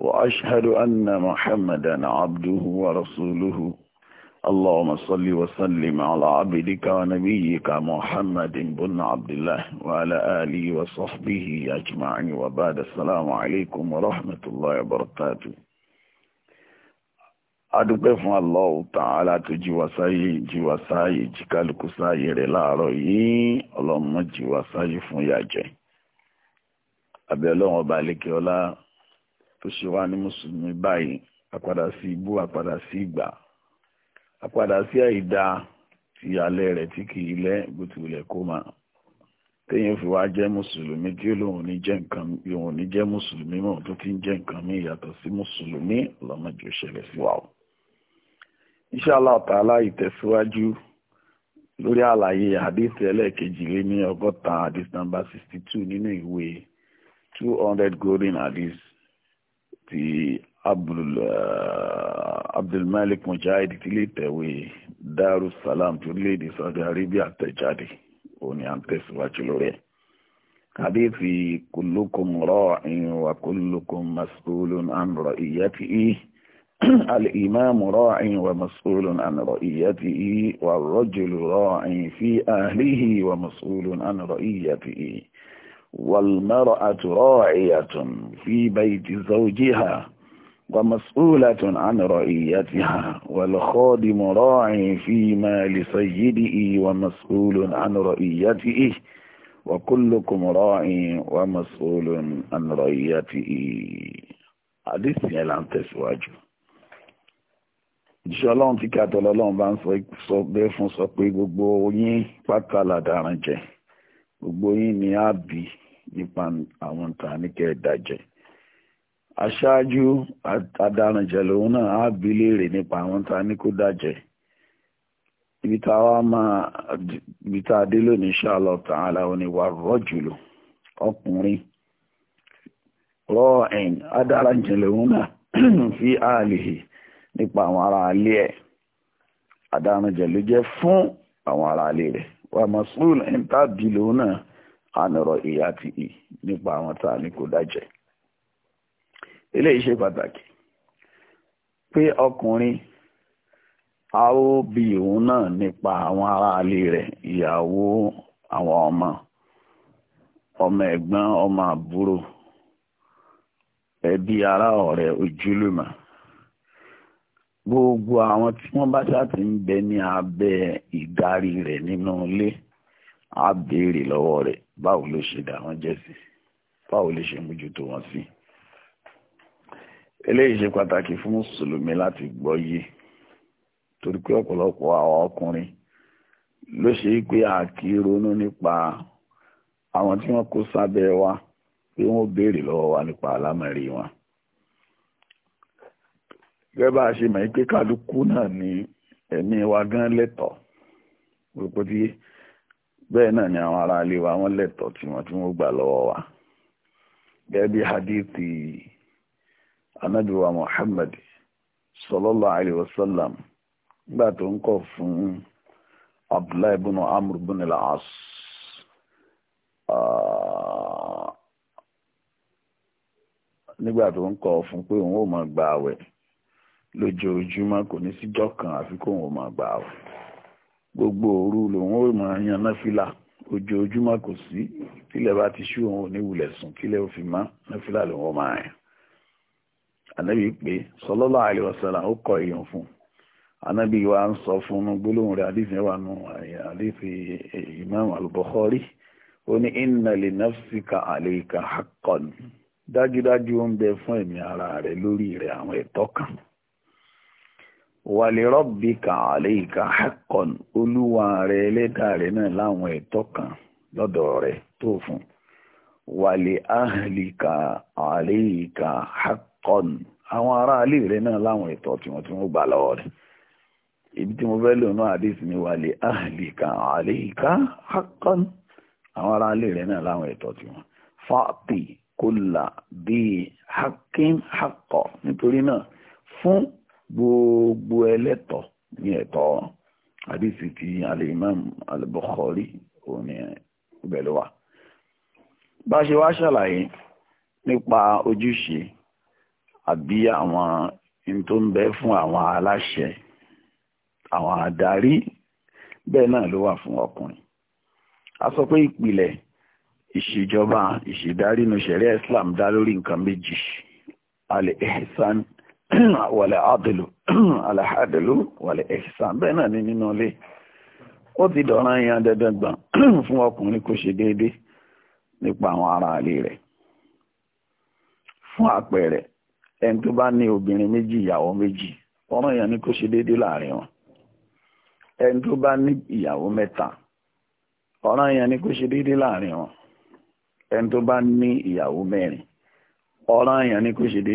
وأشهد أن محمدا عبده ورسوله اللهم صل وسلم على عبدك ونبيك محمد بن عبد الله وعلى آله وصحبه أجمعين وبعد السلام عليكم ورحمة الله وبركاته adúpẹ́ fún Allah Ta'ala tó jí wa sáyé jí wa sáyé jí kálukú sáyé rẹ̀ láàárọ̀ yìí ọlọ́mọ jí fún yàjẹ́ abẹ́ ọlọ́run ọba àlékè ọlá tó ṣe wá ní mùsùlùmí báyìí àpadà sí ibú àpadà sí ìgbà àpadà sí àìdá ti alẹ́ rẹ̀ tí kì í lẹ́ gbùtùlẹ̀ kó máa téèyàn fi wá jẹ́ mùsùlùmí tí olóhùn ní jẹ́ nǹkan yòhùn ní jẹ́ mùsùlùmí mọ̀ tó ti ń jẹ́ nǹkan mí yàtọ̀ sí mùsùlùmí lọ́mọdé ṣẹlẹ̀ sí wa o. inshallah ta'ala ìtẹ̀síwájú lórí àlàyé hadith ẹlẹ́ẹ̀kejì lé ní ọgọ́ta hadith number sixty two nínú ìwé two hundred golden hadith ti abdulmalik eh, mujahid ti ilé ìtẹ̀wé darussalam ti orílẹ̀-èdè saudi arabia tẹ̀jáde ó ní à ń tẹ̀síwájú lórí ẹ̀ hadithi kullukum ra'in wa kullukum mas'ulun an ra'iyatihi al-imam ra'in wa mas'ulun an ra'iyatihi wa ar-rajulu fi ahlihi wa mas'ulun an ra'iyatihi. والمرأة راعية في بيت زوجها ومسؤولة عن رعيتها والخادم راع في مال سيده ومسؤول عن رعيته وكلكم راع ومسؤول عن رعيته حديث يلعن تسواجه ìṣẹ́ ọlọ́run tí kí àtọ́lọ́lọ́run bá ń sọ bẹ́ẹ̀ fún sọ pé gbogbo gbogbo yín ni a bí nípa àwọn tá a ní kẹ́ ẹ dájẹ́ aṣáájú nipa lòun náà á bí léèrè nípa àwọn tá a dájẹ́ ibi tá a wá máa ibi tá a dé lónìí ṣáàlọ tàn án làwọn ìwà rọjùlọ ọkùnrin rọ ẹ̀yìn adarànjẹ lòun náà fi àlèyé nípa àwọn ará alé ẹ̀ adarànjẹ jẹ́ fún àwọn ará alé rẹ̀. wà mọ̀sùlùmí ń náà ànàrọ̀ ìyá àti ì nípa àwọn tá a ní kò dájẹ́ eléyìí ṣe pàtàkì pé ọkùnrin a ó bi òun náà nípa àwọn aráalé rẹ̀ ìyàwó àwọn ọmọ ọmọ ẹ̀gbọ́n ọmọ àbúrò ẹbí ará ọ̀rẹ́ gbogbo àwọn tí wọ́n bá ṣáàtì ń bẹ ní abẹ́ ìdarí rẹ̀ nínú ilé á béèrè lọ́wọ́ rẹ̀ báwo ló ṣe dà wọ́n jẹ́ sí báwo ló ṣe mójútó wọn sí. eléyìí ṣe pàtàkì fún mùsùlùmí láti gbọ́ yé torí pé ọ̀pọ̀lọpọ̀ àwọn ọkùnrin ló ṣe pé a kì í ronú nípa àwọn tí wọ́n kó sábẹ́ wa pé wọ́n béèrè lọ́wọ́ wa nípa àlámọ̀rí wọn gẹ́gẹ́ bá a ṣe mọ̀ pé kálukú náà ni ẹ̀mí wa gan lẹ́tọ̀ọ́ gbogbo bẹ́ẹ̀ náà ni àwọn ará ilé wa wọ́n lẹ́tọ̀ọ́ tí wọ́n tí wọ́n gbà wa gẹ́gẹ́ bí hadithi anabiwa sallam nígbà tó ń fún Abdullahi Amr ah, nígbà tó ń fún pé lójoojúmọ́ kò ní síjọ́ kan àfi kóun ò máa gbà á gbogbo òru lòun ò máa yan náfìlà ojoojúmọ́ kò sí tílẹ̀ bá ti ṣú òun ò ní wulẹ̀ sùn kílẹ̀ ò fi mọ́ náfìlà lòun ò máa yàn ànábì pé sallallahu alaihi wasallam ó kọ èèyàn fún ànábì wa ń sọ fún un gbólóhùn rẹ̀ àdìsí wa nù àdìsí ìmáàmù al ó ní inna li nafsika alayka dájúdájú ó ń bẹ fún ẹ̀mí ara rẹ̀ lórí rẹ̀ àwọn ẹ̀tọ́ kan wàlérọ́bìkà àléìkà hakon olúwa rẹ ẹlẹ́dà rẹ náà láwọn ẹ̀tọ́ kan lọ́dọ̀ rẹ tó fún wàlé àhìlìkà àléìkà hakon àwọn ará alé rẹ náà láwọn ẹ̀tọ́ tí wọ́n tí wọ́n gbà lọ́wọ́ rẹ ibi tí mo fẹ́ lò náà àdéhùn ni wàlé àhìlìkà àléìkà hakon àwọn ará alé rẹ náà láwọn ẹ̀tọ́ tí wọ́n fàtì kólà bíi hakim hakọ nítorí náà fún gbogbo ẹlẹ́tọ̀ ní ẹ̀tọ́ àdìsí ti alimam al-Bukhari òní ìbẹ̀lú wa bá ṣe wá ṣàlàyé nípa ojúṣe àbí àwọn in tó ń bẹ fún àwọn aláṣẹ àwọn adarí bẹ́ẹ̀ náà ló wà fún ọkùnrin a sọ pé ìpìlẹ̀ ìṣèjọba ìṣèdarí nu ṣẹ̀ríà Islam dá lórí nǹkan méjì al-ihsan wàlẹ̀ àdìlù àlàhàdìlù wàlẹ̀ ẹ̀sán bẹ́ẹ̀ náà ni nínú ilé ó ti dọ̀ràn dandan gbọ̀n fún ọkùnrin kò ṣe déédéé nípa àwọn ará ilé rẹ̀ fún àpẹẹrẹ ẹni tó bá ní obìnrin méjì ìyàwó méjì ọ̀ràn ni kò ṣe déédéé láàrin wọn ẹni tó bá ní ìyàwó mẹ́ta ni kò ṣe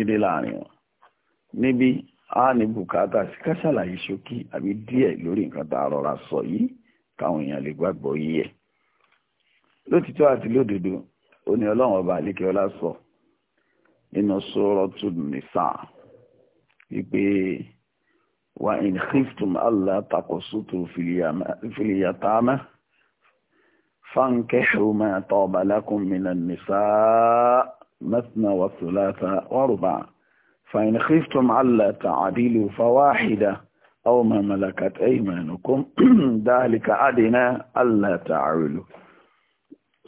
déédéé láàrin níbi a ní bùkátà sí ká ṣàlàyé ṣókí àbí díẹ̀ lórí nǹkan tá a rọra sọ yìí káwọn èèyàn lè gbàgbọ́ yìí ẹ̀ lótìtọ́ àti lódodo ó ní ọlọ́run ọba àlékè ọlá sọ nínú sọ́rọ́tù nìsà wípé wa in khiftum allah takosutu filiyatama fankihu ma taba lakum minan nisa matna wa thulatha wa ruba' فإن خفتم ألا تعدلوا فواحدة أو ما ملكت أيمانكم ذلك أدنى ألا تعولوا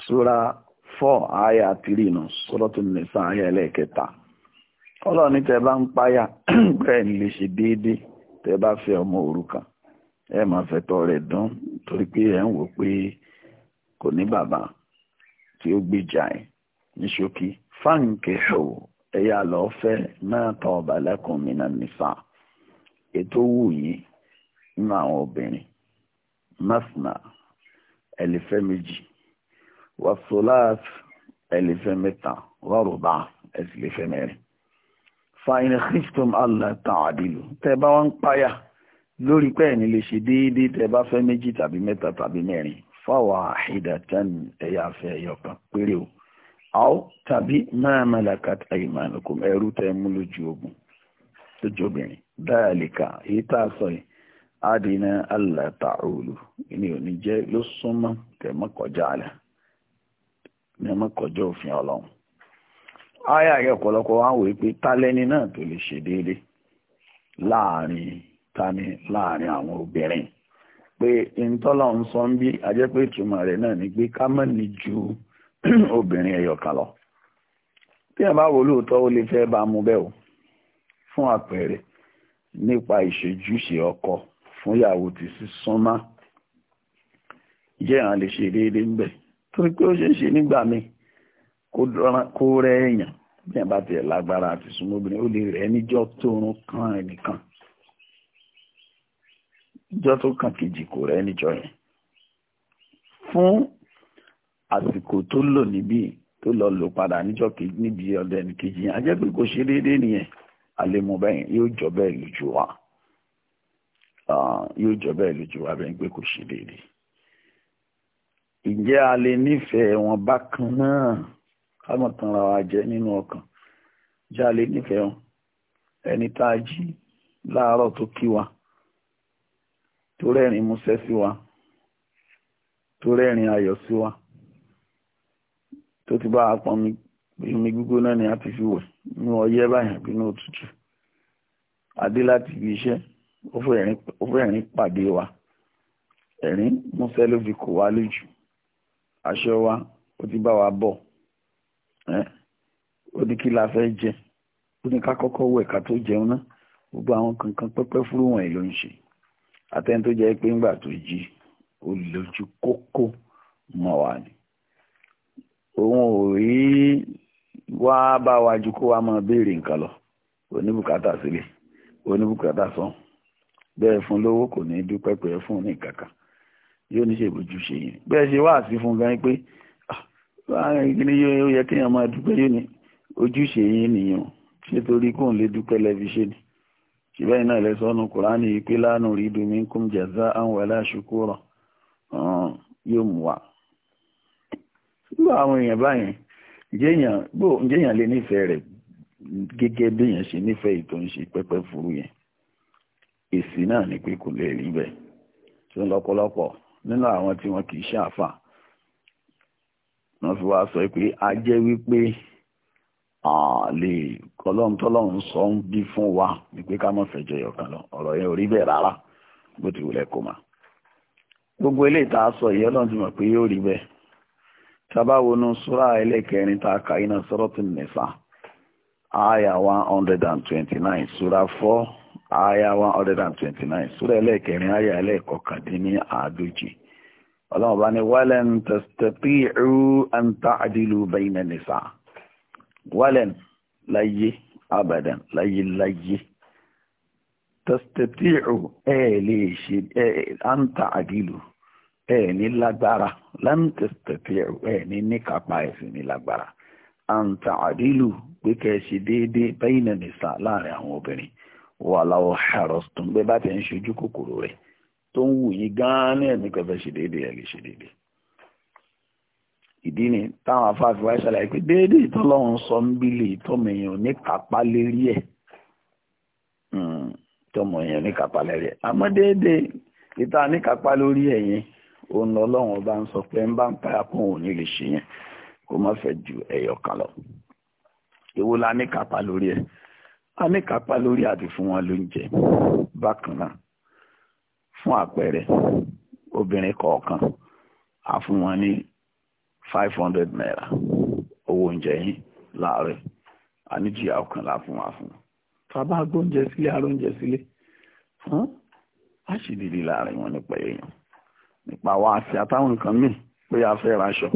سورة 4 آية 3 سورة النساء آية lẹ́ẹ̀kẹta ọlọ́run ní bá ń páyà bẹ́ẹ̀ ni lè ṣe déédéé tẹ́ bá fẹ́ ọmọ òrukàn ẹ máa fẹ́tọ́ rẹ̀ dán torí pé ń wò pé kò ní bàbá tí ó ní ṣókí ẹ̀yà lọ́ọ́ fẹ́ máa tọ́ ọba lẹ́kùn mi náà nìfà ètò wù yín nínú àwọn obìnrin masna ẹlẹ́fẹ́ méjì wasolat ẹlẹ́fẹ́ mẹ́ta wàrúbà ẹlẹ́fẹ́ mẹ́rin fain christum allah ta'adilu tẹ bá wọn ń páyà lórí pé ẹni lè ṣe déédéé tẹ bá fẹ́ méjì tàbí mẹ́ta tàbí mẹ́rin fáwọn àhídàtàn ẹ̀yà fẹ́ ẹ̀yọ̀kan péré o. awụ tàbí máa malakat aymanukum ẹrú tẹ mú lójú ogun lójú obìnrin dáàlìkà èyí tá a sọ yìí adìnà allah ta'ulu ní jẹ ló súnmọ́ tẹmọ kọjá àlẹ òfin Ọlọ́run ayé àyè ọ̀pọ̀lọpọ̀ wá wòye pé náà tó lè ṣe déédé láàrin tani láàrin àwọn obìnrin pé ń sọ ń bí obìnrin ẹyọ kan lọ tí ẹ bá wò lóòótọ́ ó lè fẹ́ bá mú o fún àpẹẹrẹ nípa ọkọ fún ìyàwó tí sísúnmá jẹ́ ìran lè ṣe déédéé ńbẹ̀ torí pé ó ṣeé ṣe nígbà míì kó rẹ èèyàn bí ẹ bá tiẹ̀ lágbára àti ó lè kan ẹnìkan ìjọ́ tó kàn kejì kò àsìkò tó lò níbí tó lọ lò padà níjọ́ kejì níbi ọ̀dọ̀ ẹnì kejì yẹn ajẹ́ pé kò ṣe déédéé nìyẹn àlemu bẹ́ẹ̀ yóò jọ bẹ́ẹ̀ lójú wa yóò jọ bẹ́ẹ̀ lójú wa bẹ́ẹ̀ pé kò ṣe déédéé ǹjẹ́ a nífẹ̀ẹ́ wọn bákan náà ká tán ra wa jẹ nínú ọkàn ǹjẹ́ a nífẹ̀ẹ́ wọn ẹni tá a jí láàárọ̀ tó kí wa tó rẹ́rìn músẹ́ sí wa tó rẹ́rìn ayọ̀ sí wa tó ti bá a pọn omi gbígbóná ni a ti fi wẹ̀ ní ọyẹ́ báyìí àbí ní òtútù adé láti ibi iṣẹ́ ó fẹ́ ẹ̀rín pàdé wa ẹ̀rín músẹ́ ló fi kò wá lójú aṣọ wa ó ti bá wa bọ̀ ó ní kí la fẹ́ jẹ ó ní ká kọ́kọ́ wẹ̀ ká tó jẹun náà gbogbo àwọn kankan pẹ́pẹ́ fúrú wọ̀nyí ló ń ṣe àtẹ́ni tó jẹ́ pé ńgbà tó jí ó kókó mọ́ wa ni òun ò rí wá bá wa ju kó wa máa béèrè nǹkan lọ oníbùkátà sílẹ̀ oníbùkátà sàn bẹ́ẹ̀ fún lówó kò ní dúpẹ́ pé ẹ fún ní kankan yóò ní ṣe ìbòjú ṣe yẹn bẹ́ẹ̀ ṣe wá sí fún gan pé ah, kíni yóò yẹ kéèyàn máa dúpẹ́ yóò ní ojúṣe yín nìyẹn ṣé kóun lè dúpẹ́ lẹ́bi ṣùgbọ́n iná ìlẹ́sọ́nù kùránì pé lánàá rí domi kún jẹ̀zá àwọn aláṣukúrọ̀ yóò mú wa irú àwọn èèyàn báyẹn jẹ́yàn bó jẹ́yàn lè nífẹ̀ẹ́ rẹ̀ gẹ́gẹ́ béèyàn ṣe nífẹ̀ẹ́ furu yẹn èsì náà ni pé kò lè rí bẹ́ẹ̀ tó ń lọ́pọ̀lọpọ̀ nínú àwọn tí wọn kì í ṣàfà wọ́n fi wá sọ pé a jẹ́ wípé lè kọlọ́n tọ́lọ́n sọ ń bí fún wa wípé ká má lọ ọ̀rọ̀ yẹn ò rí bẹ́ẹ̀ rárá bó ti gbogbo eléyìí tá a sọ yìí ọlọ́run ti mọ̀ pé tabawonu sura ẹlẹ́kẹrin ta ka iná suratul nisa aya one hundred and twenty nine sura four aya one hundred and twenty nine sura ẹlẹ́kẹrin aya ẹlẹ́kọkàndínní àádójì ọlọ́run bá ní walan tastati'u an ta'dilu bayna nisa walan láyé abadan láyé láyé tastati'u ẹ̀ lè ṣe ẹ̀ an ẹ ní lágbára láǹtẹ̀tẹ̀ ẹ ní níkàpá ẹ̀sìn ní lágbára àǹtà àdílù pé kẹ́ ṣe déédéé bẹ́yìn nìsà láàrin àwọn obìnrin wà láwọ harrods tó ń gbé bá ti ń ṣojú kòkòrò rẹ̀ tó ń wù yí gan-an ní ẹ̀mí kẹfẹ́ ṣe déédéé ẹ̀ lè ṣe déédéé ìdí ni táwọn afáàfin wáyé ṣàlàyé pé déédéé ìtọ́lọ́run sọ ń bílẹ̀ ìtọ́mọ èèyàn lérí ẹ̀ ìtọ́mọ hmm, èèyàn lérí ẹ̀ àmọ́ déédéé ìta ní lórí ẹ̀yìn òun ọlọ́run ọba ń sọ pé ń bá ń payà kún òun ní lè ṣe yẹn kó má fẹ́ ju ẹyọ kan lọ èwo la ní kápá lórí ẹ̀ a ní kápá lórí àti fún wọn lóúnjẹ bákan náà fún àpẹẹrẹ obìnrin kọ̀ọ̀kan a fún wọn ní five hundred naira owó oúnjẹ yìí láàárẹ̀ a ní jìyà ọkàn la fún wa fún wọn tàbá gbóúnjẹ sílé aróúnjẹ sílé a sì dìde láàrin wọn nípa èèyàn nípa àwọn àṣẹ àtàwọn nǹkan míì pé a fẹ́ raṣọ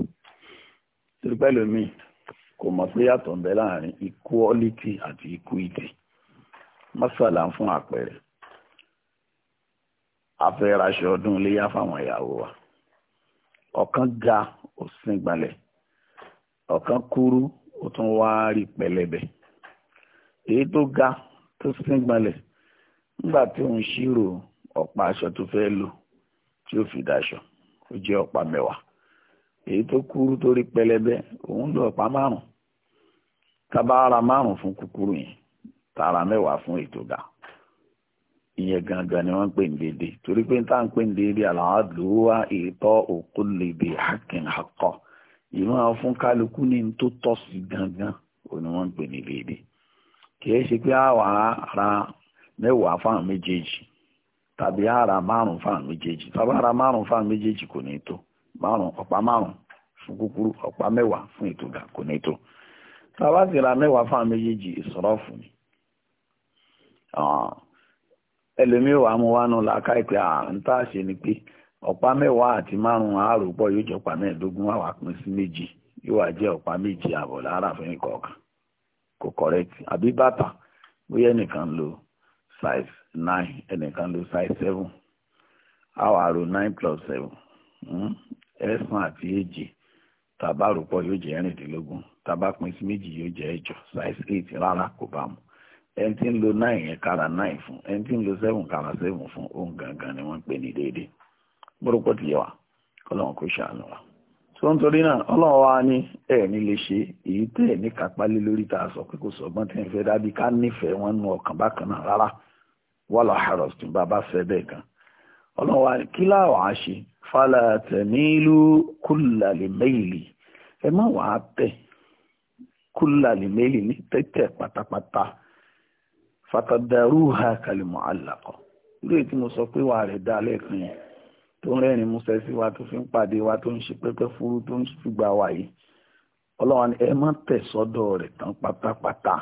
torí pẹ́lú mi kò mọ̀ pé yàtọ̀ ń bẹ láàrin equality àti equity mọ́sàlá fún àpẹẹrẹ a fẹ́ raṣọ ọdún iléyà fáwọn ìyàwó wa ọ̀kan ga ó sín gbalẹ̀ ọ̀kan kúrú ó tún wá rí pẹlẹbẹ èyí tó ga tó sín nígbà tí òun ṣírò ọ̀pá aṣọ tó fẹ́ lò tí ó fi daṣọ ó jẹ́ ọ̀pá mẹ́wàá èyí tó kúrú tó rí pẹlẹbẹ òun lò ọ̀pá márùn tábà ara márùn fún kúkúrú yẹn tààrà mẹ́wàá fún ètò ga ìyẹn gangan ni wọ́n ń pè ní dédé torí pé tá à ń pè ní dédé àlàáfíà ìtọ́ òkú lèdè hakin akọ ìmọ̀ fún kálukú ní tó tọ́ sí gangan òun ni wọ́n pè ní dédé kì í ṣe pé àwa ara mẹ́wàá fáwọn méjèèjì tàbí ara márùn fáwọn méjèèjì tàbí ara márùn fáwọn méjèèjì kò ní tó márùn ọ̀pá márùn fún kúkúrú ọ̀pá mẹ́wàá fún ètò ga kò ní tó tàbá sì ra mẹ́wàá fáwọn méjèèjì ìsọ̀rọ̀ fún mi ẹlòmíì wàá mú wánú làákà ìpè àrùn tá a ṣe ni pé ọ̀pá mẹ́wàá àti márùn àárò pọ̀ yóò jẹ́ ọ̀pá mẹ́ẹ̀ẹ́dógún wà wá pín sí méjì yóò wá jẹ́ ọ̀pá méjì àbọ̀ lára fún ìkọ̀ọ̀kan kò kọ̀rẹ́tì àbí bàtà bóyá ẹnìkan lo size 9 ẹnìkan ló five seven àwọn àrò nine plus hmm? àti èjì tàbá àròpọ̀ yóò jẹ ẹ̀rìndínlógún tàbá pín sí méjì yóò jẹ ẹjọ size eight rárá kò bá mu ẹni tí ń lo nine yẹn kára nine fún ẹni tí ń lo seven kára seven fún òun gangan ni pè ní déédéé burúkú ti yẹ wa kò ṣàánú wa náà wa ní ní lè ṣe èyí ní kápálí lórí tá a sọ pé kò ń dábí ká wọn nu ọkàn bákan náà rárá wàlá harrods tí bàbá fẹ́ bẹ́ẹ̀ kan ọlọ́run wa kí láwọn á ṣe fàlà tẹ̀mílú kúlàlẹ̀ mẹ́ìlì ẹ má wàá tẹ̀ kúlàlẹ̀ mẹ́ìlì ní tẹ́tẹ̀ pátápátá fatadaruha kalimọ̀ alakọ̀ irú èyí tí mo sọ pé wà rẹ̀ dá lẹ́ẹ̀kan yẹn tó ń rẹ́rìn músẹ́ sí wa tó fi ń pàdé wa tó ń ṣe pẹ́pẹ́ fúru tó ń fìgbà wa yìí ọlọ́run ẹ má tẹ̀ sọ́dọ̀ rẹ̀ tán pátápátá.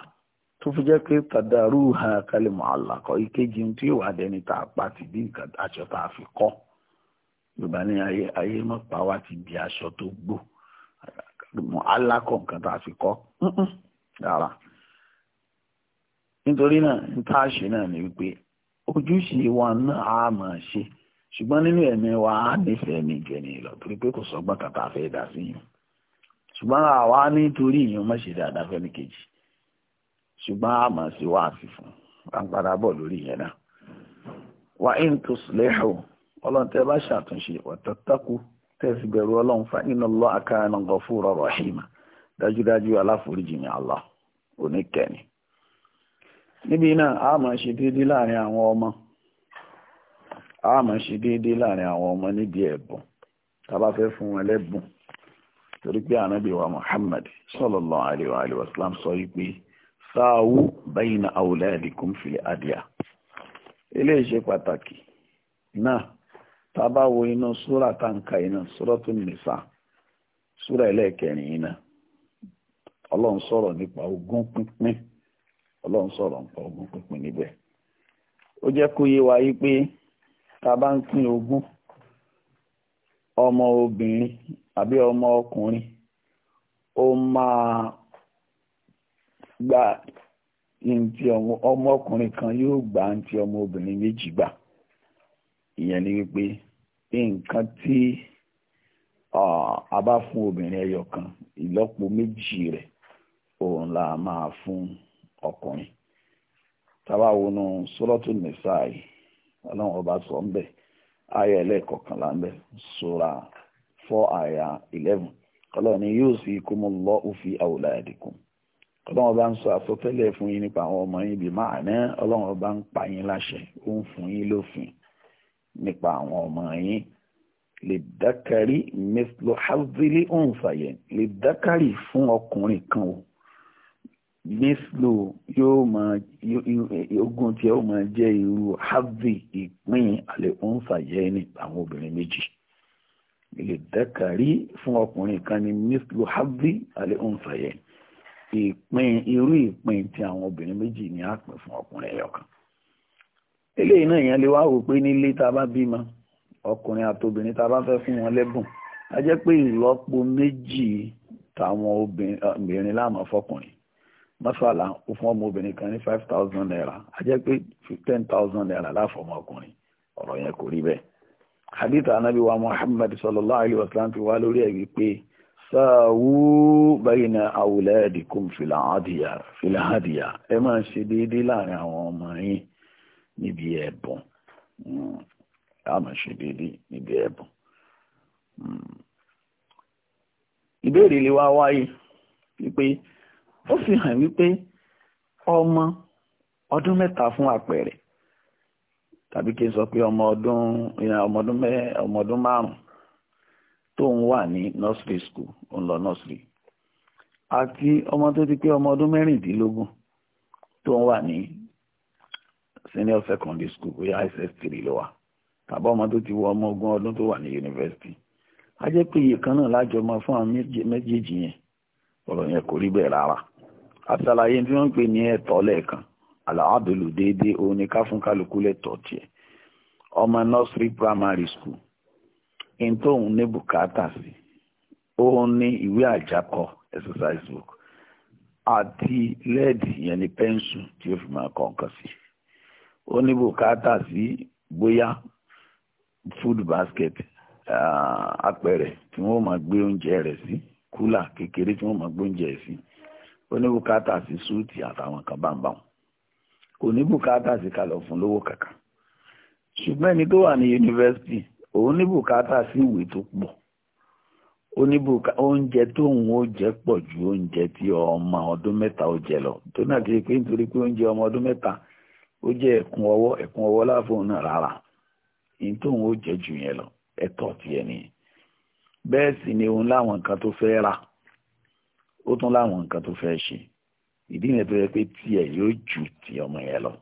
tó fi jẹ́ pé tàdàrú ha kálímù àlàkọ́ ìkejì tí yóò wá dẹni tá a pa ti bí aṣọ tá a fi kọ́ yorùbá ní ayé mọ́pá wa ti di aṣọ tó gbó mọ́ alákọ̀ nǹkan tá a fi kọ́ dára nítorí náà ń tá a ṣe náà ni wípé ojúṣe wa náà wa nífẹ̀ẹ́ mi torí pé kò kan tá a fẹ́ dá sí yìí ṣùgbọ́n ṣùgbọ́n a máa ṣe wá sí fún à ń padà bọ̀ lórí yẹn náà wà á ń tó sílẹ̀hù ọlọ́run tẹ́ bá ṣàtúnṣe ọ̀tọ̀tọ́kù tẹ́sí bẹ̀rù ọlọ́run fa inna Allaha kana ghafura rahima dájúdájú aláforíjì ni Allah oníkẹ́ni níbi náà a máa ṣe déédé láàrin àwọn ọmọ a máa ṣe déédé láàrin àwọn ọmọ níbi ẹ̀bùn tá a bá fẹ́ fún sáàwú bẹ́yìnà àwòlẹ́ẹ̀dìkún fìlẹ̀ àdìyà ilé ìṣe pàtàkì náà tábà wo iná súrà táǹkà iná súràtù nìsà súrà ẹlẹ́ẹ̀kẹrin iná ọlọ́run sọ̀rọ̀ nípa ogún pínpín ọlọ́run sọ̀rọ̀ nípa ogún pínpín níbẹ̀ ó jẹ́ kó yé wa yí pé ń pín ogún ọmọ ọmọ ọkùnrin ó máa gbà ntí ọmọkùnrin kan yóò gba ntí ọmọbìnrin méjì gba ìyẹn ni wípé nǹkan tí a bá fún obìnrin ẹyọ kan ìlọ́po méjì rẹ̀ òun la máa fún ọkùnrin tábà wọnú sọ́lọ́tù nìsáì ọlọ́run ọba sọ ń bẹ̀ ayé ẹlẹ́ẹ̀kọ̀kànlá ń bẹ̀ sora four aya eleven ọlọ́run ni yóò sì kó àwòlá ọlọ́run ọba ń sọ àsọtẹ́lẹ̀ fún yín nípa àwọn ọmọ yín bí máa ná ọlọ́run ọba ń pa yín láṣẹ ó ń fún yín lófin nípa àwọn ọmọ yín lè dákàrí mẹ́sìlò hazili ọ̀nfàyẹ lè dákàrí fún ọkùnrin kan o mẹ́sìlò yóò máa ogun tí yóò máa jẹ́ irú hazi ìpín àlè ọ̀nfàyẹ ní àwọn obìnrin méjì lè dákàrí fún ọkùnrin kan ní mẹ́sìlò hazi àlè ọ̀nfàyẹ ní. ìpín irú ìpín tí àwọn obìnrin méjì ní àpín fún ọkùnrin ẹyọkan eléyìí náà yẹn lè wá wò pé nílé tá a bá bímọ ọkùnrin àtobìnrin tá a bá fẹ́ fún wọn lẹ́bùn a jẹ́ pé ìlọ́po méjì táwọn obìnrin láàmú fọkùnrin mọ́sálà ó fún ọmọ obìnrin kan ní five thousand naira a jẹ́ pé ten thousand naira láfọmọ ọkùnrin ọ̀rọ̀ yẹn kò rí bẹ́ẹ̀ hadith anabi wa muhammad sallallahu alayhi wa sallam fi wá lórí ẹ̀ wípé sáwú bayna awladikum filahadiya ẹ máa ṣe déédéé láàrin àwọn ọmọ yín níbi ẹ̀bùn ẹ hmm. máa ṣe déédéé níbi ẹ̀bùn. Hmm. ìbéèrè lè wá wáyé wípé ó fi hàn wípé ọmọ ọdún mẹ́ta fún àpẹẹrẹ tàbí kí n sọ pé ọmọ ọdún ọmọ ọdún márùn-ún tóun wà ní nursery school òun lọ nursery àti ọmọ tó ti pé ọmọ ọdún mẹ́rìndínlógún tóun wà ní senior secondary school bóyá ss3 ló wà tàbí ọmọ tó ti ọmọ ogún ọdún tó wà ní University. a iye kan náà lájọ mọ́ fún àwọn méjèèjì yẹn ọ̀rọ̀ yẹn kò rí bẹ́ẹ̀ rárá àṣàlàyé tí wọ́n ń pè ní ẹ̀tọ́ lẹ́ẹ̀kan déédéé ọmọ nursery primary school in tóun ní bùkátà sí òun ní ìwé àjákọ exercise book àti lẹ́ẹ̀dì yẹn ni pẹ́ńsù tí ó fi máa kọ nǹkan sí ó ní bùkátà sí bóyá food basket ah, apẹ̀rẹ̀ tí wọ́n máa gbé oúnjẹ rẹ̀ sí kúlà kékeré tí wọ́n máa gbé oúnjẹ sí ó ní bùkátà sí súùtì àtàwọn kan báńbá wọn kò ní bùkátà sí kalọ̀ fún lówó kankan ṣùgbọ́n ẹni tó wà ní yunifásitì òun si bùkátà to pọ tó pọ̀ oúnjẹ tóun ó jẹ pọ ju oúnjẹ tí ọmọ ọdún o ó jẹ lọ tó náà kiri pé nítorí pé oúnjẹ ọmọ ọdún o ó jẹ ẹ̀kún ọwọ́ ẹ̀kún ọwọ́ láàfóun náà rárá ní tóun ó jẹ jù yẹn lọ ẹ̀tọ́ tiẹ̀ nìyẹn bẹ́ẹ̀ sì ni òun láwọn nǹkan tó fẹ́ ra ó tún láwọn nǹkan tó fẹ́ ṣe ìdí yẹn tó yẹ pé yóò ju ti ọmọ yẹn lọ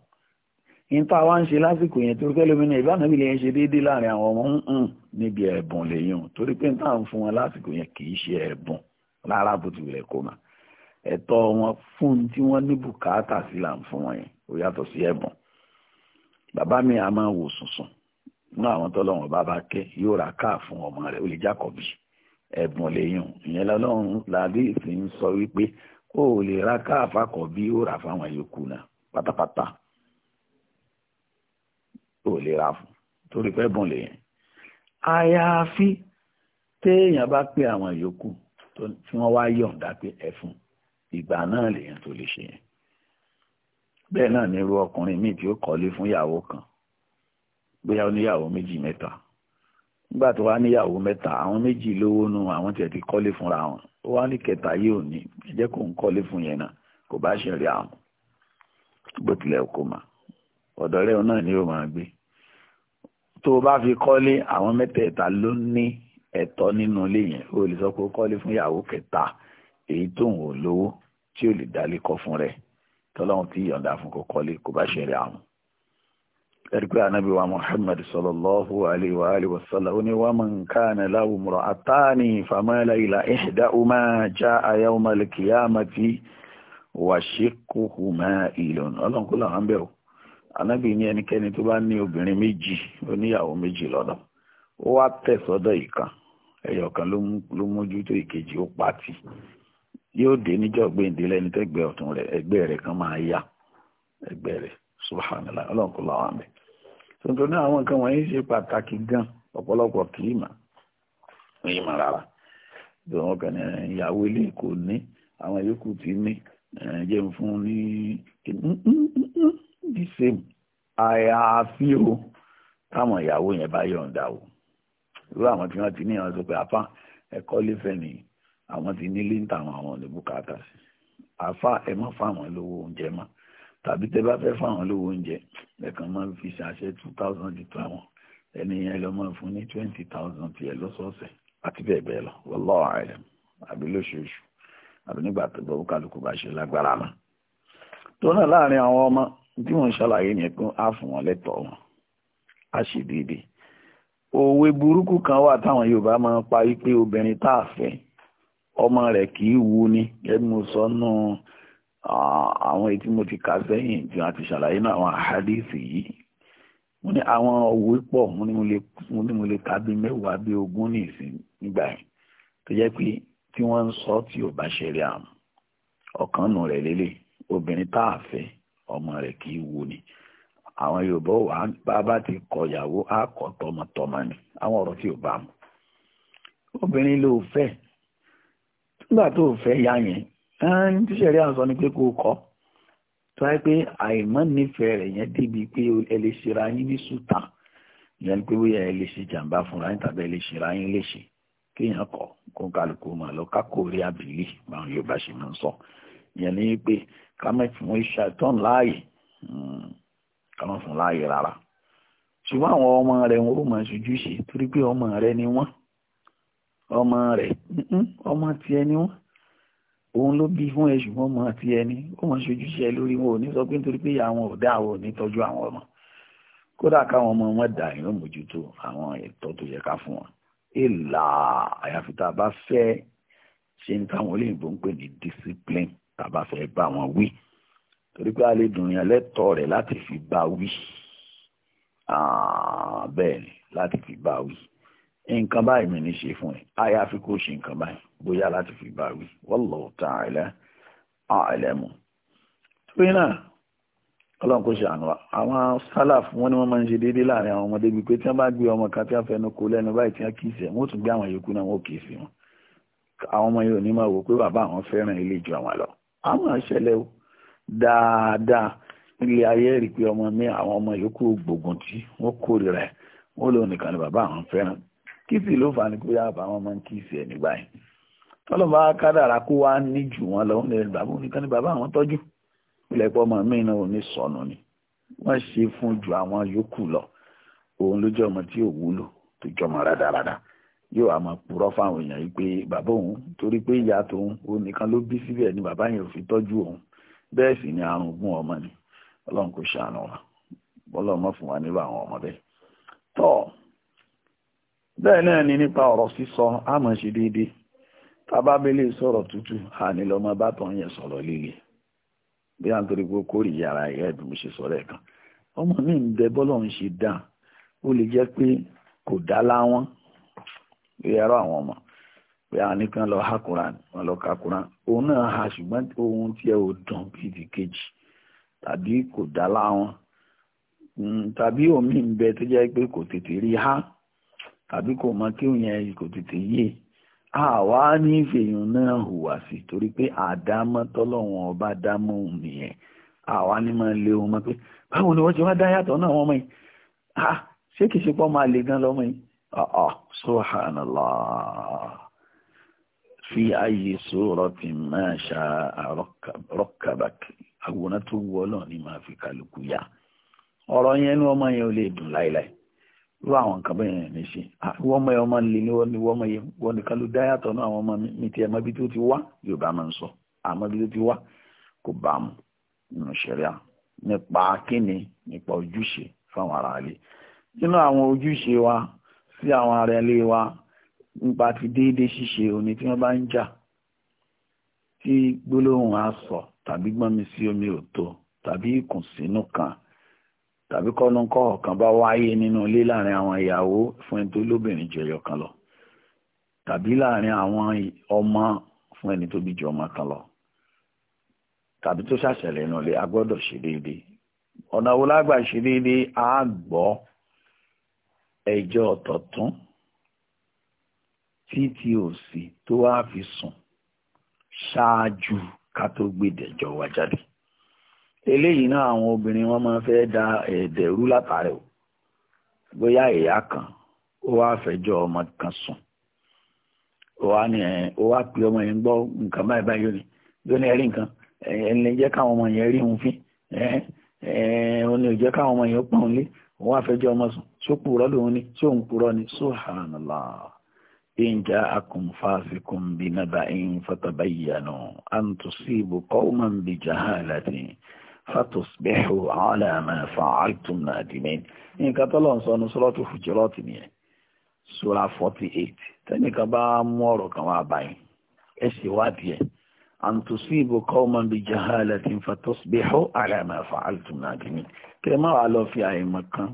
in tá a wá ń ṣe lásìkò yẹn torí pẹ́lú mìíràn ìbánabi lè ṣe déédéé láàrin àwọn ọmọ ń níbi ẹ̀bùn lèyìn torí pé tá à ń fún wọn lásìkò yẹn kì í ṣe ẹ̀bùn rárá bó ti wulẹ̀ kó mà ẹ̀tọ́ wọn fún tí wọ́n ní bùkátà sí là ń fún wọn yẹn ó yàtọ̀ sí ẹ̀bùn bàbá mi a máa wò sùnsùn náà àwọn tọ́lọ́wọ̀n bá bá kẹ́ yóò ra káà fún ọmọ rẹ̀ ó lè jákọ̀bí ẹ̀bùn lèyìn ìyẹn lọ́lọ́run làbí ìsìn sọ wípé kó o lè ra káà fákọ̀bí ó rà fáwọn yòókù náà pátápátá ò lè ra fún torí pé bùn lèyẹn àyàfi téèyàn bá pé àwọn yòókù tí wọ́n wá yọ̀ǹda pé ẹ fún ìgbà náà lèyẹn tó lè ṣe yẹn bẹ́ẹ̀ náà ní irú ọkùnrin míì tí ó kọ́lé fún ìyàwó kan bóyá ó níyàwó méjì mẹ́ta nígbà tó wá níyàwó mẹ́ta àwọn méjì lówó nu àwọn tiẹ̀ ti kọ́lé fúnra wọn ó wá ní kẹta yìí ò ní ẹ jẹ́ kó ń kọ́lé fún yẹn náà kò bá ṣe rí àwọn bó tilẹ̀ kó mà ọ̀dọ̀ rẹ̀ náà ni ó máa gbé tó o bá fi kọ́lé àwọn mẹ́tẹ̀ẹ̀ta ló ní ẹ̀tọ́ nínú ilé yẹn o lè sọ pé o kọ́lé fún ìyàwó kẹta èyí tó ń wò lówó tí o lè dálé kọ́ fún rẹ̀ tọ́lọ́run ti yọ̀ǹda fún kó kọ́lé kó bá ṣẹlẹ̀ àwọn. ẹ̀rí pé anábì wa muhammad sallallahu alayhi wa alihi wa sallam ó ní wa man kana lahu imra'atani famala ila ihdahuma jaa yawmal qiyamati wa shiqquhuma ilun ọlọ́run kó làwọn bẹ̀rù anagbe ní ẹnikẹ́ni tó bá ní obìnrin méjì oníyàwó méjì lọ́dọ̀ ó wá tẹ̀ sọ́dọ̀ ìkan ẹyọkan ló mójútó ìkejì ó pàtì yóò dé níjọ́ gbèǹde lẹ́ni tẹ́gbẹ́ ọ̀tún rẹ̀ ẹgbẹ́ rẹ̀ kan máa yá ẹgbẹ́ rẹ̀ subhanallah ọlọ́run kò àmì tuntun náà àwọn nǹkan wọ̀nyí ṣe pàtàkì gan ọ̀pọ̀lọpọ̀ kì í mà mà rárá ìyàwó ti ní jẹun fún the same àyàfi o táwọn ìyàwó yẹn bá yọ̀ǹda o irú àwọn tí wọ́n ti ní àwọn sọ pé àfa ẹ̀kọ́ lẹ́fẹ̀ ni àwọn ti nílé ń tàwọn àwọn ò ní bùkátà sí àfa ẹ má fáwọn lówó oúnjẹ mọ́ tàbí tẹ́ bá fẹ́ fáwọn lówó oúnjẹ ẹ̀kan máa ń fi ṣàṣẹ two thousand ti tó àwọn ẹni yẹn lọ máa fún ní twenty thousand tiẹ̀ lọ́sọ̀ọ̀sẹ̀ àti bẹ́ẹ̀ bẹ́ẹ̀ lọ wallahu a'lam àbí lóṣooṣù àbí nígbà tó gbọ́ kálukú tí wọ́n ṣàlàyé yẹn pé á fún wọn lẹ́tọ̀ọ́ wọn á ṣe déédéé òwe burúkú kan wà táwọn Yorùbá máa ń pa wípé obìnrin tá a fẹ́ ọmọ rẹ̀ kì í wu ni ẹni mo sọ nù àwọn èyí tí mo ti kà sẹ́yìn tí wọ́n ti ṣàlàyé náà àwọn àhádìsì yìí mo ní àwọn òwe pọ̀ mo ní mo lè ka bí mẹ́wàá bí ogún ní ìsìn tó jẹ́ pé tí wọ́n ń sọ tí ò bá ṣẹlẹ̀ àmọ́ ọ̀kan nù rẹ̀ lélẹ̀ obìnrin tá a fẹ́ ọmọ rẹ̀ kì í wo ni àwọn yorùbá wà bàbá ti kọ ìyàwó á kọ tọmọtọmọ ni àwọn ọ̀rọ̀ tí ò bá mu obìnrin ló fẹ́ nígbà tó fẹ́ yá yẹn ẹni tí sẹ̀rí àṣọ ni pé kó kọ́ tó wáyé pé àìmọ́ nífẹ̀ẹ́ rẹ̀ yẹn débi pé ẹ lè ṣera yín ní sùtà ìyẹn pé bóyá ẹ lè ṣe jàǹbá fúnra yín tàbí ẹ lè ṣera yín léṣe kéèyàn kọ kó kálukú máa lọ kákòórí àbílí báwọn yorùbá ṣe máa ń sọ yẹn ní pé ká má fún ṣàìtàn láàyè hmm, ká má fún láàyè rárá ṣùgbọ́n àwọn ọmọ rẹ̀ wọn ò máa ṣojú ṣe torí pé ọmọ rẹ̀ ni wọ́n ọmọ rẹ̀ ọmọ tiẹ̀ ni wọ́n òun ló bí fún ẹ ṣùgbọ́n ọmọ tiẹ̀ ni ó máa ṣojú ṣe lórí wọn ò ní sọ pé nítorí pé àwọn ò àwọn ò ní tọ́jú àwọn ọmọ kódà káwọn ọmọ wọn dà yín ó mójútó àwọn ètò tó yẹ ká fún wọn ìlà àyàfi tá a bá fẹ́ ṣe ń táwọn olóyìnbó ń pè ní discipline tàbá fẹ́ bá wọn wí torí pé a lè dùn yàn lẹ́tọ̀ọ́ rẹ̀ láti fi bá wí ah, bẹ́ẹ̀ ni láti fi bá wí nǹkan báyìí mi ní ṣe fún ẹ àyàfi kó ṣe nǹkan báyìí bóyá láti fi bá wí wallahu ta'ala a'lamu torí náà ọlọ́run kò ṣàánú àwọn sálàf wọn ni wọ́n máa ń ṣe déédéé láàrin àwọn ọmọdé bíi pé tí wọ́n bá gbé ọmọ kan tí wọ́n fẹnu kò lẹ́nu báyìí tí wọ́n kì í sẹ́ wọ́n tún gbé àwọn yòókù náà wọ́n kì í sí wọn àwọn ọmọ yìí ò ní máa wò pé bàbá àwọn fẹ́ràn ilé ju àwọn lọ a máa ṣẹlẹ̀ o dáadáa nílé ayé rí pé ọmọ mi àwọn ọmọ yòókù gbógun tí wọ́n kórìíra ẹ̀ wọ́n lòun nìkan ni bàbá àwọn fẹ́ràn kí sì ló fà á ní kó yára bá wọn máa ń kí ìsì ẹ̀ nígbà yìí tọ́lọ́mọ akádàrà kó wá ní jù wọn lọ ní bàbá nìkan ni bàbá àwọn tọ́jú ilẹ̀ pọ̀ ọmọ mi náà ò sọnù ni wọ́n ṣe fún ju àwọn yòókù lọ òun ló ọmọ tí ò wúlò tó jọmọ rádaràda yóò àmọ́ purọ́ fáwọn èèyàn yìí pé bàbá òun torí pé ìyá tòun òun nìkan ló bí síbẹ̀ ni bàbá yẹn ò fi tọ́jú òun bẹ́ẹ̀ sì ni àrùn gún ọmọ ni ọlọ́run kò ṣàánú wa ọlọ́run má fún wa nílò àwọn ọmọ bẹ́ẹ̀ tọ́ bẹẹ náà ni nípa ọrọ sísọ a máa ṣe déédéé tábábélé sọ̀rọ̀ tútù àní lọ́mọ bá tọ̀ yẹn sọ̀rọ̀ líle bí a ń torí pé kórì yàrá ìyá ẹbí mo ṣe sọ̀rọ̀ ẹ̀ kan ọmọ mi ń bẹ bọ́lọ̀ ṣe dáa ó lè jẹ́ pé kò dá láwọn lórí ẹ̀rọ àwọn ọmọ pé àwọn nìkan lọ ha kuran wọn lọ ka kuran òun náà ha ṣùgbọ́n ohun tí ẹ ò dùn bíi ti kejì tàbí kò dá láwọn hmm, tàbí omi ń bẹ tó jẹ́ pé kò tètè rí ha tàbí kò mọ kí òun yẹn kò tètè yé àwa ní ìfèyàn náà hùwà sí torí pé àdámọ́ tọ́lọ́wọ́n ọba dámọ́ òun nìyẹn àwa ní máa lé wọn mọ́ pé báwo ni wọ́n ṣe wá dá yàtọ̀ náà wọ́n mọ̀ yìí ah, ṣé kìí ṣe pọ́ máa le gan lọ́mọ yìí àà subhanallah fi ayé sọ̀rọ̀ tí máa ṣá rọ́kàbàk àwòrán tó wọ́ náà ni máa fi kálukú yá ọ̀rọ̀ yẹn ní ọmọ yẹn ò lè dùn láíláí irú àwọn nǹkan ní ṣe wọ́n mọ ọmọ nílé ni wọ́n ní wọ́n mọ yẹn wọ́n nìkan ló dá náà àwọn ọmọ mi tiẹ̀ mọ́bí tó ti wá Yorùbá máa ń sọ àmọ́ tó ti wá kò bá mu nínú ṣẹ̀ríà nípa kíni nípa ojúṣe fáwọn aráàlú nínú àwọn ojúṣe wa sí àwọn ará ilé wa nípa ti déédéé ṣíṣe òní tí wọ́n bá ń jà tí gbólóhùn asọ̀ tàbí gbọ́nmi sí omi òtó tàbí ìkùnsínú kan tàbí kọ́nùkọ́ ọ̀kan bá wáyé nínú ilé láàrin àwọn ìyàwó fún ẹni tó lóbìnrin ju ẹyọ kan lọ tàbí láàrin àwọn ọmọ fún ẹni tó bí ju ọmọ kan lọ tàbí tó ṣàṣẹlẹ̀ nù lé a ṣe déédéé ọ̀nà wo lágbà ṣe déédéé a gbọ́ ẹjọ́ ọ̀tọ̀tún títí òsì tó wá fi sùn ṣáájú ká tó gbèdẹ̀jọ́ wa jáde eléyìí náà àwọn obìnrin wọn máa fẹ́ da ẹ̀ẹ́dẹ̀ rú látàrí o bóyá ìyá kan ó wá fẹjọ́ ọmọ kan sùn ó wá ní ẹ̀ ó wá pè ọmọ yẹn gbọ́ nǹkan báyìí báyìí ni yóò ní ẹ̀rí nǹkan ẹ̀ẹ́n lè jẹ́ káwọn ọmọ yẹn rí òun fín ẹ̀ẹ́n ò ní jẹ́ káwọn ọmọ yẹn pọ́n lé òun wá fẹjọ́ ọmọ sùn ṣó purọ́ lòun ni ṣó ń purọ́ ni subhanallah in ja'akum fasiqun bi naba'in fatabayyanu an tusibu qauman bi jahalatin fatusbihu ala ma fa'altum nadimin nǹkan tó lọ́n sọ ní suratu Hujurat nìyẹn sura forty eight tẹ́nìkan bá mú kan wá báyìí ẹ ṣèwádìí ẹ̀ an tusibu bi jahalatin fatusbihu ala ma fa'altum nadimin kẹ́ máa wà lọ fi àìmọ̀ kan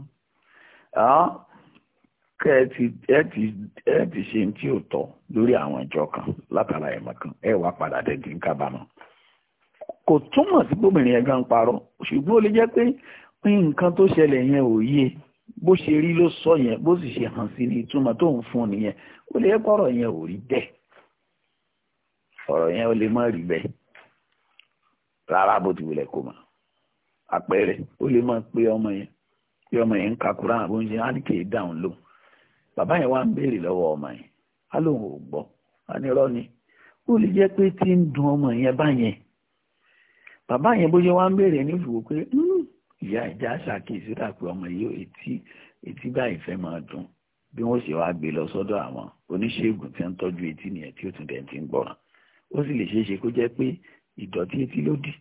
ẹ ti ẹ ti ẹ ti ṣe tí ò tọ́ lórí àwọn ìjọ kan látara ẹ̀mọ̀ kan ẹ wá padà tẹ̀sí ń kábàámọ̀ kò túmọ̀ sí gómìnà ẹ̀gán ń parọ́ ṣùgbọ́n ó lè jẹ́ pé nǹkan tó ṣẹlẹ̀ yẹn ò yé bó ṣe rí ló sọ yẹn bó sì ṣe hàn sí ní ìtumọ̀ tó ń fún nìyẹn ó lè yẹn ò rí bẹ́ẹ̀ ọ̀rọ̀ yẹn ó lè má rí bẹ́ẹ̀ rárá bó ti wulẹ̀ kó ọmọ yẹn bí ọmọ yẹn ń ka Quran bó ń ṣe ánìkè dáhùn ló bàbá yẹn wá ń béèrè lọ́wọ́ ọmọ yẹn á lóun ò gbọ́ á ní irọ́ ni ó lè jẹ́ pé tí ń dun ọmọ yẹn bá yẹn bàbá yẹn bó ṣe wá ń béèrè ní ìfowó pé ìyá ìjà ṣàkíyèsí rà pé ọmọ yìí etí etí báyìí fẹ́ máa dùn bí wọ́n ṣe wá gbé lọ sọ́dọ̀ àwọn oníṣègùn tí ń tọ́jú etí nìyẹn tí ó tún dẹ̀ ti ń gbọ́ràn ó sì lè ṣeé ṣe kó jẹ́ pé ìdọ̀tí etí ló dì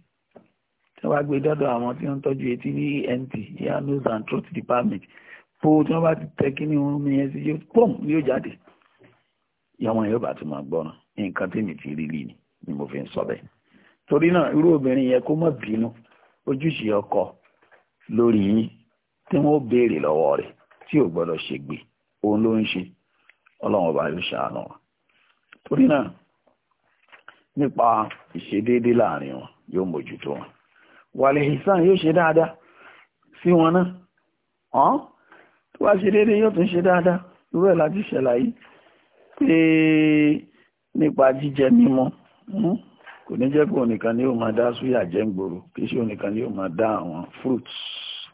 tí wọ́n bá gbé dọ́dọ̀ àwọn tí wọ́n ń tọ́jú etí ní ENT ear and throat department po tí wọ́n bá ti tẹ kí ni wọ́n mi yẹn sí yóò pọ́m yóò jáde yọmọ yóò bá tún máa gbọ́ràn nǹkan tèmi ti rí lì ni mo fi ń sọ bẹ́ẹ̀ torí náà irú obìnrin yẹn kó má bínú ojúṣe ọkọ lórí yín tí wọ́n béèrè lọ́wọ́ rẹ̀ tí ò gbọ́dọ̀ ṣègbè òun ló ń ṣe ọlọ́run ọba yóò ṣàánú wa torí náà nípa ìṣedéédé láàrin wọn yóò mójútó wọn wàlẹ̀ ìsàn yóò ṣe dáadáa sí wọn náà ọ́n tó wá ṣe déédéé yóò tún ṣe dáadáa irú ẹ̀ láti ṣàlàyé pé nípa jíjẹ mímọ́ hmm, kò ní jẹ́ pé onìkan ni yóò máa dá súyà jẹ́ ń gbòòrò kì í ṣe onìkan ni yóò máa dá àwọn fruits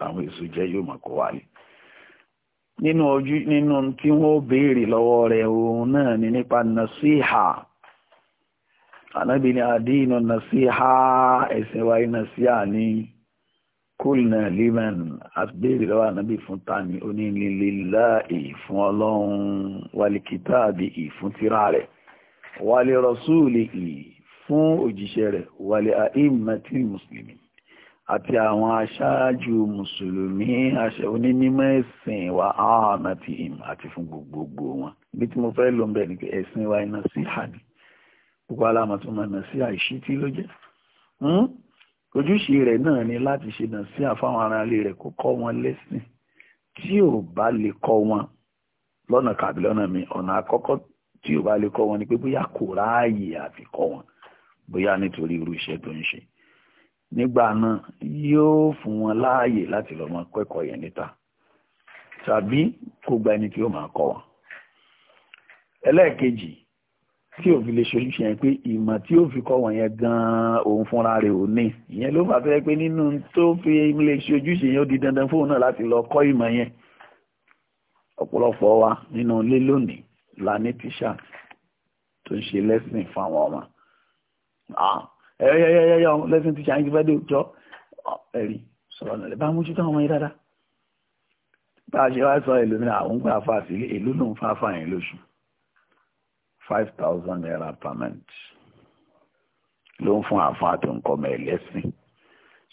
àwọn èso jẹ yóò máa kó wálé nínú ojú nínú tí wọ́n ó béèrè lọ́wọ́ rẹ̀ òun náà ni nípa nasiha ànábì ní àdínú nasiha ẹ̀sìn wa nasiha ní kúlìnà liman àbẹ́rẹ́ lọ́wọ́ ànábì fún tani onílélẹ́láì fún ọlọ́run wàlìkítàbí ìfún tírà rẹ̀ wàlì rọ̀súùlì fún òjíṣẹ́ rẹ̀ wàlì àìmọ̀tì mùsùlùmí àti àwọn aṣáájú mùsùlùmí aṣẹ onímọ̀ ẹ̀sìn wa àmàtì àti fún gbogbogbò wọn bí tí mo fẹ́ lọ bẹ́ẹ̀ ni ẹ̀sìn wa iná sí hàní gbogbo alámọ̀túnmọ̀ nàṣíà ìṣítí ló jẹ́ hmm? ojúṣe rẹ̀ náà ni láti ṣe nàṣíà fáwọn ará ilé rẹ̀ kó kọ́ wọn lẹ́sìn tí ò bá lè kọ́ wọn lọ́nà kàbí lọ́nà mi ọ̀nà àkọ́kọ́ tí ò bá lè kọ́ wọn ni pé bóyá kò ráàyè àti kọ́ wọn bóyá nítorí irú iṣẹ́ tó ń ṣe nígbà náà yóò fún wọn láàyè láti lọ mọ kẹ́kọ̀ọ́ yẹn níta tàbí kó gba ẹni tí ó máa kọ́ wọn ẹlẹ́ẹ̀kejì tí òfin lè ṣojú ṣe yẹn pé ìmọ̀ tí ó fi kọ́ wọ̀n yẹn gan-an òun fúnra rẹ̀ ò ní ìyẹn ló fà fẹ́ pé nínú tó fi lè ṣojú ṣe yẹn ó di dandan fóun náà láti lọ kọ́ ìmọ̀ yẹn ọ̀pọ̀lọpọ̀ wa nínú ilé lónìí la ní tíṣà tó ń ṣe lẹ́sìn fáwọn ọmọ ẹ̀yẹ́yẹ́yẹ́ lẹ́sìn tíṣà yẹn ti fẹ́ dé òjọ́ ẹ̀rí sọ̀rọ̀ nàlẹ́ bá mójútó àwọn ọmọ yẹn dáadáa bá a ṣe wá sọ èlò náà àwọn gbà fà sílé èlò lòún fà fà yẹn lóṣù five thousand naira per month ló ń fún àáfàá tó ń kọ́mọ ẹ̀ lẹ́sìn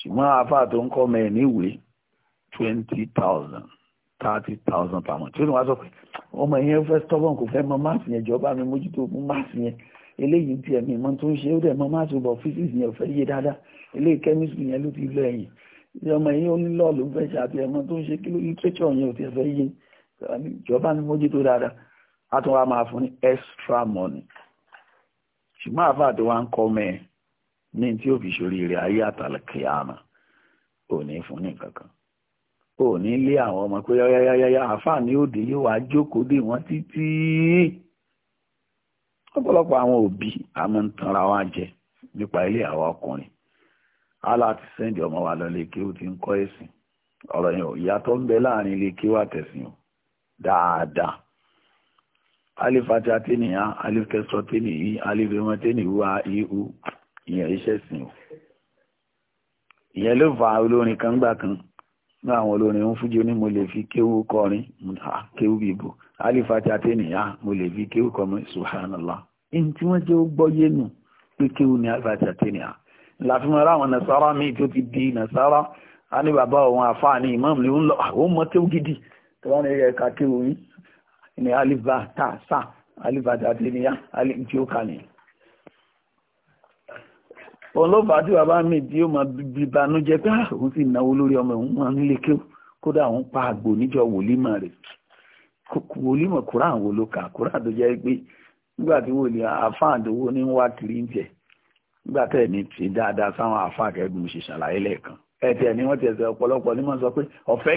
ṣùgbọ́n àáfàá tó ń kọ́mọ ẹ̀ níwèé twenty thousand thirty thousand per month tí ó ní wá sọ pé ọmọ yẹn fẹ́ stubborn kò fẹ́ mọ máàsì yẹn jọba mi mójútó fún máàsì yẹn eléyìí tiẹ̀ mi mọ tó ń ṣe ó dẹ̀ mọ máàsì bọ̀ physics yẹn ò fẹ́ yé dáadáa eléyìí chemistry yẹn ló ti lọ ẹ̀yìn ọmọ yẹn ó ní lọ́ọ̀ ló ṣe àti ẹ̀mọ tó ń ṣe kí ló literature yẹn ò tiẹ̀ fẹ́ yé ìjọba mi mójútó dáadáa a tún wá máa fún ní extra money ṣùgbọ́n àfáà tí wọ́n ń kọ́ mẹ́ẹ̀ ní tí ó fi ṣoríire ayé àtàlẹ́kẹ́ àmà ò ní fún ní kankan ò ní lé àwọn ọmọ pé yáyáyáyá àfáà ní òde yóò wá jókòó dé wọn títí ọ̀pọ̀lọpọ̀ àwọn òbí àmọ́ ń tanra wa jẹ nípa ilé àwọn ọkùnrin ala ti sẹ́ndì ọmọ wa lọ lékè ó ti ń kọ́ ẹ̀sìn ọ̀rọ̀ yẹn ò ìyàtọ̀ ń bẹ láàrin lékè wà tẹ̀sìn o dáadáa alif àti àtẹnìyà alif kẹsọ tẹnìyí alif ìwọn tẹnìwá ihu ìyẹn iṣẹ́ sìn o ìyẹn ló fa olórin kan gbà kan ní àwọn olórin ń fújì ní mo lè fi kéwú kọrin ah, kéwú bíbò alif àti àtẹnìyà mo lè fi kewu kọrin subhanallah ẹni tí wọ́n jẹ́ ó gbọ́ yénu pé kéwú ní alif àti àtẹnìyà láfihàn ráwọn nasara míì tó ti di nasara á ní bàbá òun àfáà ní imam ní ó mọ kéwú gidi tó wọ́n ní ẹ̀ka kéwú ní aliva ta sa aliva dàdé níyà alif tí ó kà ní. òun ló fà á tí bàbá pé ah, òun sì náwó lórí ọmọ òun máa kódà òun pa àgbò níjọ wòlímọ̀ rẹ̀ wòlímọ kúrà àwọn olóka jẹ́ pé nígbà tí wòlí àdówó ní wá kiri ń nígbà ti dáadáa sáwọn àáfàá kẹgbọn ṣe ṣàlàyé lẹ́ẹ̀kan ni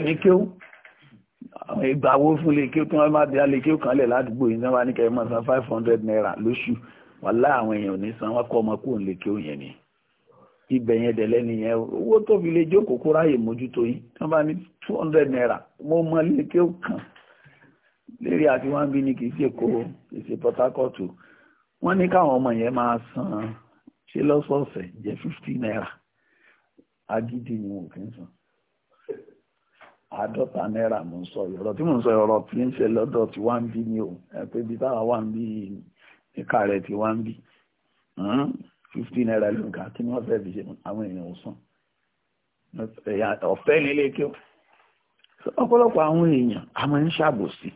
ni ìgbàwó fún lè kí ó tún wọ́n má bí alẹ́ kí ó kànlẹ̀ ládùúgbò yìí náà wá ní kẹrìmọ́ san five hundred naira lóṣù wà láàwọn èèyàn ò ní san wọ́n kọ́ ọmọ kó ń lè kí ó yẹn ni ibẹ̀ yẹn dẹ̀lẹ́ nìyẹn owó tó fi lè jókòó kó ráyè mójútó yín tí wọ́n bá ní two hundred naira mo mọ lè kí ó kàn lérí àti wọ́n bí ní kì í ṣe kó kì í ṣe Port Harcourt wọ́n ní káwọn ọmọ yẹn máa san ṣe lọ́sọ̀ọ̀sẹ̀ jẹ́ fifty naira agídí ni wọn kì í san àádọ́ta náírà mò ń sọ ọ̀rọ̀ tí mò ń sọ ọ̀rọ̀ tí ń ṣe lọ́dọ̀ tí wá ń bí ni o ẹ pé bí táwa wá ń bí ìka rẹ̀ tí wá ń bí fifty naira ló ń kà kí ni wọ́n fẹ́ fi ṣe àwọn èèyàn ò san ọ̀fẹ́ nílé kí o ọ̀pọ̀lọpọ̀ àwọn èèyàn a máa ń ṣàbòsí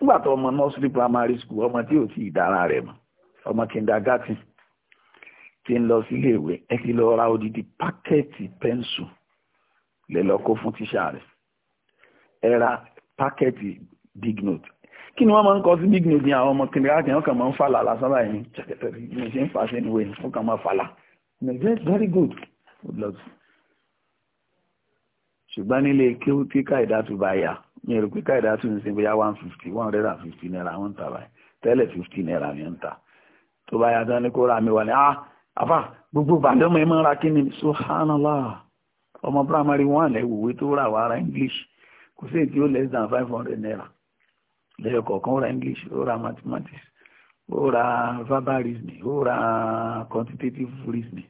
nígbà tó ọmọ nursery primary school ọmọ tí ò tí dára rẹ̀ mọ́ ọmọ kindergarten ti ń lọ sílé ìwé ẹ ti lọ ra odidi pákẹ́ẹ̀tì pẹ́ńsù lè lọ kó fún tíṣà rẹ̀ ẹ ra pákẹ́ẹ̀tì big note kí ni wọ́n máa ń kọ sí big note ní àwọn ọmọ kìnìkàkì wọ́n kàn máa ń fàlà lásán báyìí ní ṣẹ̀kẹ̀tẹ̀ bí mo ṣe ń fà sí ẹnu wẹ̀ wọ́n kàn máa fàlà very good good luck ṣùgbọ́n nílé kéwú tí káìdátù bá yà ní èrò pé káìdátù ń sin bóyá one fifty one hundred and fifty naira wọ́n ń ta báyìí tẹ́lẹ̀ fifty naira ni ń ta tó bá yà tán ní kó ra mi wà ní ah àfà gbogbo bàdé ọmọ ẹ máa ń ra kí ni subhanallah ọmọ primary one ẹ̀wòwé tó rà wá ara english kò sí èyí tí ó less than five hundred naira lẹ́yọ kọ̀ọ̀kan ó ra english ó ra mathematics ó ra verbal reasoning ó ra quantitative reasoning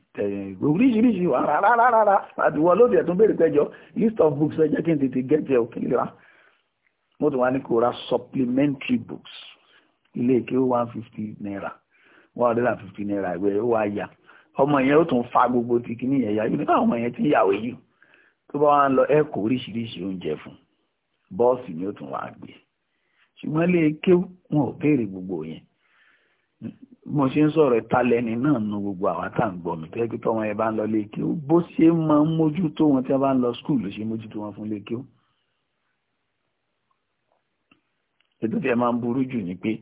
oríṣiríṣi wà rárárárá àdìwọ́ lóde ẹ̀ tó ń list of books ẹ jẹ́ kí n tètè gẹ́jẹ́ òkè lera mo tún wá ní kó ra supplementary books ilé ìké one fifty naira one hundred and fifty naira ìwé ó wá yà ọmọ yẹn ó tún fa gbogbo ti kí nìyẹn yá yìí káwọn ọmọ yẹn ti ń yìí tó bá wá ń lọ ẹ̀kọ́ oríṣiríṣi oúnjẹ fún bọ́ọ̀sì ni ó tún wàá gbé ṣùgbọ́n lè ké wọn ò béèrè gbogbo yẹn mo ṣe ń sọ̀rọ̀ ìtalẹ́ni náà nu gbogbo àwa tá à ń gbọ́ mi tó yẹ pé tọ́wọ́n yẹn bá ń lọ lé ké bó ṣe máa ń mójútó wọn tí wọ́n bá ń lọ skul ló ṣe mójútó wọn fún lé ké ètò tí ẹ máa ń burú jù ni pé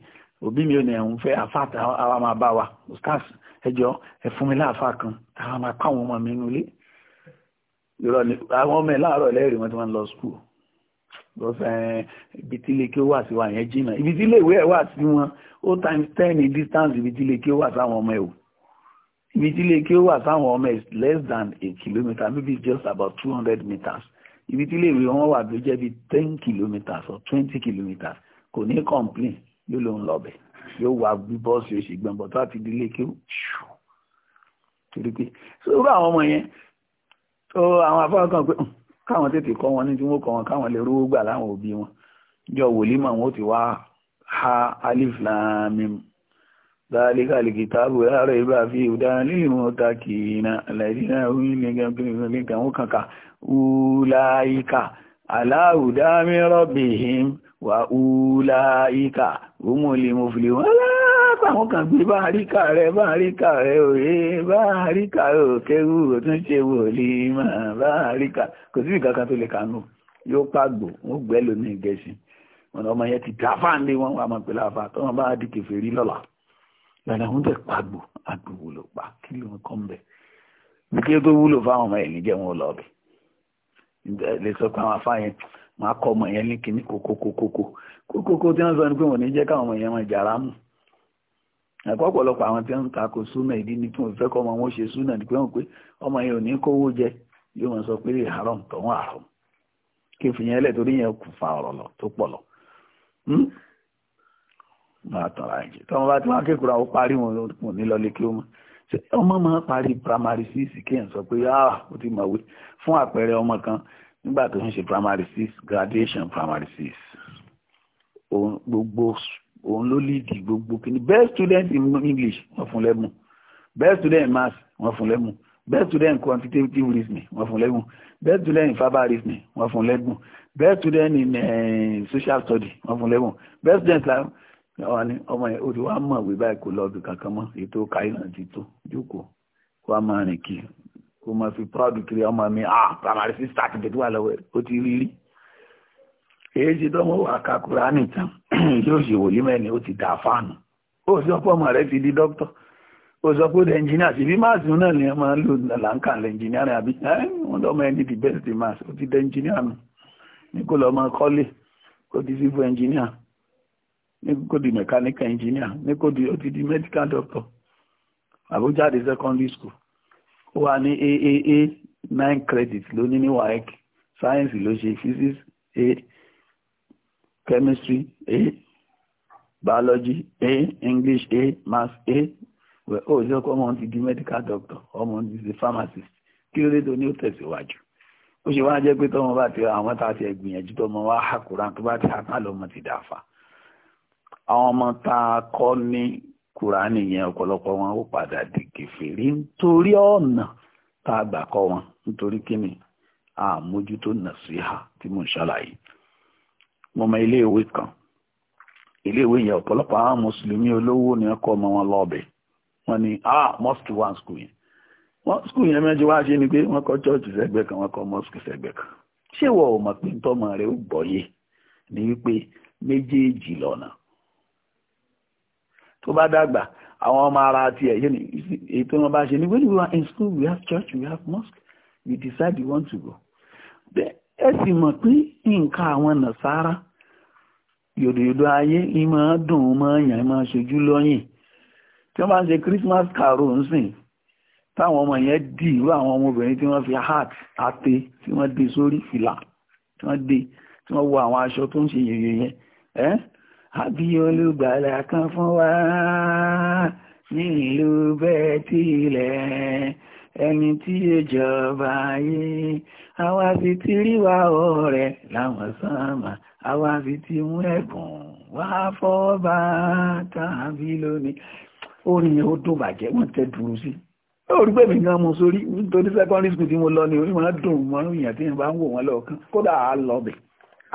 òbí mi ò ní ẹ̀hún fẹ́ àfa àwa máa bá wa ustaz ẹjọ́ ẹ̀fún mi láàfa kan àwa máa kọ́ àwọn ọmọ mi nínú ilé ìrọ̀ ni àwọn ọmọ ẹ̀ láàárọ̀ lẹ́rìí wọn ti máa ń lọ skul lọ́sẹ̀ eh, ibi tí ilé kí ó wà sí wa yẹn jìnnà ibi tí ilé ìwé ẹ̀ wà sí wọn ó times ten in distance ibi tí ilé kí ó wà sáwọn ọmọ ẹ̀ o ibi tí ilé kí ó wà sáwọn ọmọ ẹ̀ less than a kilometre maybe just about two hundred meters ibi tí ilé ìwé wọn wà tó jẹ́ bí ten kilometres or twenty kilometres kò ní complain yóò lòun lọ́bẹ̀ yóò wá gbé bọ́ọ̀sì oṣù gbọ̀ngbọ̀ tó àti ìdílé kí ó ṣù torí pé sórí àwọn ọmọ yẹn tó àwọn afọ́nà kan pé hmm, káwọn tètè kọ́ wọn ní tí wọ́n kọ́ wọn káwọn lè rówó gbà láwọn òbí wọn jọ wòlímọ̀ wọn ó ti wá ha alif lamim ذلك الكتاب لا ريب فيه هدى للمتقين الذين هم لربهم أولئك على هدى من ربهم wà úlà ìkà òmò lè mo fi lè wọ́n láàpàwọn kan gbé bá àríkà rẹ bá àríkà rẹ òye bá àríkà rẹ òkèrú òtún ṣe wò lè mà bá àríkà kò sí ìkankan tó lè kánú yóò pàgbò wọn gbẹ lómi gẹ̀ẹ́sì wọn ọmọ yẹn ti dá fáńdé wọn wà máa pèlè àfà tó wọn bá di kèfèrí lọ́la lọ́la wọn tẹ̀ pàgbò àgbò wúlò pa kí ló ń kọ́ ń bẹ̀ bí kí ó tó wúlò fáwọn ọmọ ẹ̀ níjẹ́ wọn lọ́ọ̀bì lè sọ pé àwọn afáyẹn máa kọ ọmọ yẹn ní kíní kókókókókó kókókó tí wọ́n sọ ni pé wọ́n ní jẹ́ káwọn ọmọ yẹn máa jàrá mù ẹ̀kọ́ ọ̀pọ̀lọpọ̀ àwọn tí wọ́n ń takò súnà ìdí ni tí wọ́n fẹ́ kọ́ ọmọ wọn ṣe súnà ni pé wọ́n pé ọmọ yẹn ò ní kówó jẹ yóò wọn sọ pé haram tọ̀hún haram kí n fi yẹn lẹ̀ torí yẹn kù fa ọ̀rọ̀ lọ tó pọ̀ lọ hmm? ọmọ máa parí primary six kéèyàn sọ pé ah ó ti mọ̀wé fún àpẹẹrẹ ọmọ kan nígbà tó ń ṣe primary six graduation primary six òun gbogbo òun ló lead gbogbo kíní best student in English wọ́n fún lẹ́bùn best student in maths wọ́n fún lẹ́bùn best student in quantitative reasoning wọ́n fún lẹ́bùn best student in verbal reasoning wọ́n fún lẹ́bùn best student in eh, social study wọ́n fún lẹ́bùn best student in àwọn ni ọmọ yẹn ó ti wá mọ̀ wí báyìí kò lọ́ọ̀dù kankan mọ́ ètò káyọ̀ náà ti tó jókòó wá máa rìn kiri kò máa fi proud kiri ọmọ mi ah primary sister ti dé wà lọ́wọ́ ẹ̀ ó ti rí rí èyí ti dánwò wà ká Kùránì tán yóò ṣe wòlí mẹ́rin ó ti dà fáànù ó sọ pé ọmọ rẹ ti di dókítà ó sọ pé ẹnjìníà sí bí máàsì náà ni ẹ máa ń lò láǹkà ẹnjìníà rẹ àbí ẹ wọn lọmọ ẹni the best in maths ó ti dẹ ẹnjìníà nù ní kó lọ́mọ kọ́lé kó di civil engineer ní kó di mechanical engineer ní kó di ó ti di medical doctor àbújáde secondary school ó wà ní aaa nine credit ló ní ní waec Science ló ṣe physics a chemistry a biology a english a math a wẹ̀ ó jẹ́ kó ọmọ ti di medical doctor ọmọ ti di pharmacist kí ló dé tó ní ó tẹ̀síwájú ó ṣe wá jẹ́ pé tọ́mọ bá ti àwọn tá a ti gbìyànjú tọ́mọ wá hàkúrà tó bá ti hàkúrà lọ́mọ ti dàáfà àwọn ọmọ tá a kọ́ ní kùránì yẹn ọ̀pọ̀lọpọ̀ wọn ó padà di kèfèrí nítorí ọ̀nà tá a gbà kọ́ wọn nítorí kíni àmójútó nàṣíhà tí mò ń ṣàlàyé mo mọ iléèwé kan iléèwé yẹn ọ̀pọ̀lọpọ̀ àwọn mùsùlùmí olówó ni wọ́n kọ́ ọmọ wọn lọ́ọ̀bẹ̀ wọ́n ní ah mosque one school yẹn wọ́n school yẹn mẹ́jọ wá ṣe ni pé wọ́n kọ́ church sẹ́gbẹ́ kan wọ́n kọ́ mosque sẹ́gbẹ́ kan ṣé wọ́n ò mọ̀ pé tọ́mọ rẹ̀ ó gbọ́yé ni wípé méjèèjì lọ́nà tó bá dàgbà àwọn ọmọ ara tiẹ̀ yé ni èyí wọn bá ṣe ni when we were in school we have church we have mosque we decide we want to go ẹ sì mọ̀ pé nǹkan àwọn nàṣàrà yòdòyòdò ayé ìmọ̀ dùn mọ́ yàn máa ṣojú lọ́yìn tí wọ́n bá ń ṣe Christmas carol ń sìn táwọn ọmọ yẹn dì irú àwọn ọmọbìnrin tí wọ́n fi hat àtẹ tí wọ́n dé sórí fìlà tí wọ́n dé tí wọ́n wọ àwọn aṣọ tó ń ṣe yèyè yẹn àbí olùgbàlà kan fún wa nílùú bẹ́tílẹ̀ ẹni tí ìjọba ayé àwa fi ti rí wa ọ̀rẹ́ láwọn sánmà àwa fi ti mú ẹ̀bùn wá fọ́ba tàbí lónìí orin yẹn ó dùn bàjẹ́ wọ́n tẹ́ dùn sí orí pé mi gan mo sórí nítorí secondary school tí mo lọ ní orí wọn dùn mọ́ ìyàn tí yẹn bá ń wò wọn lọ́ọ̀kan kódà á lọ bẹ̀ẹ́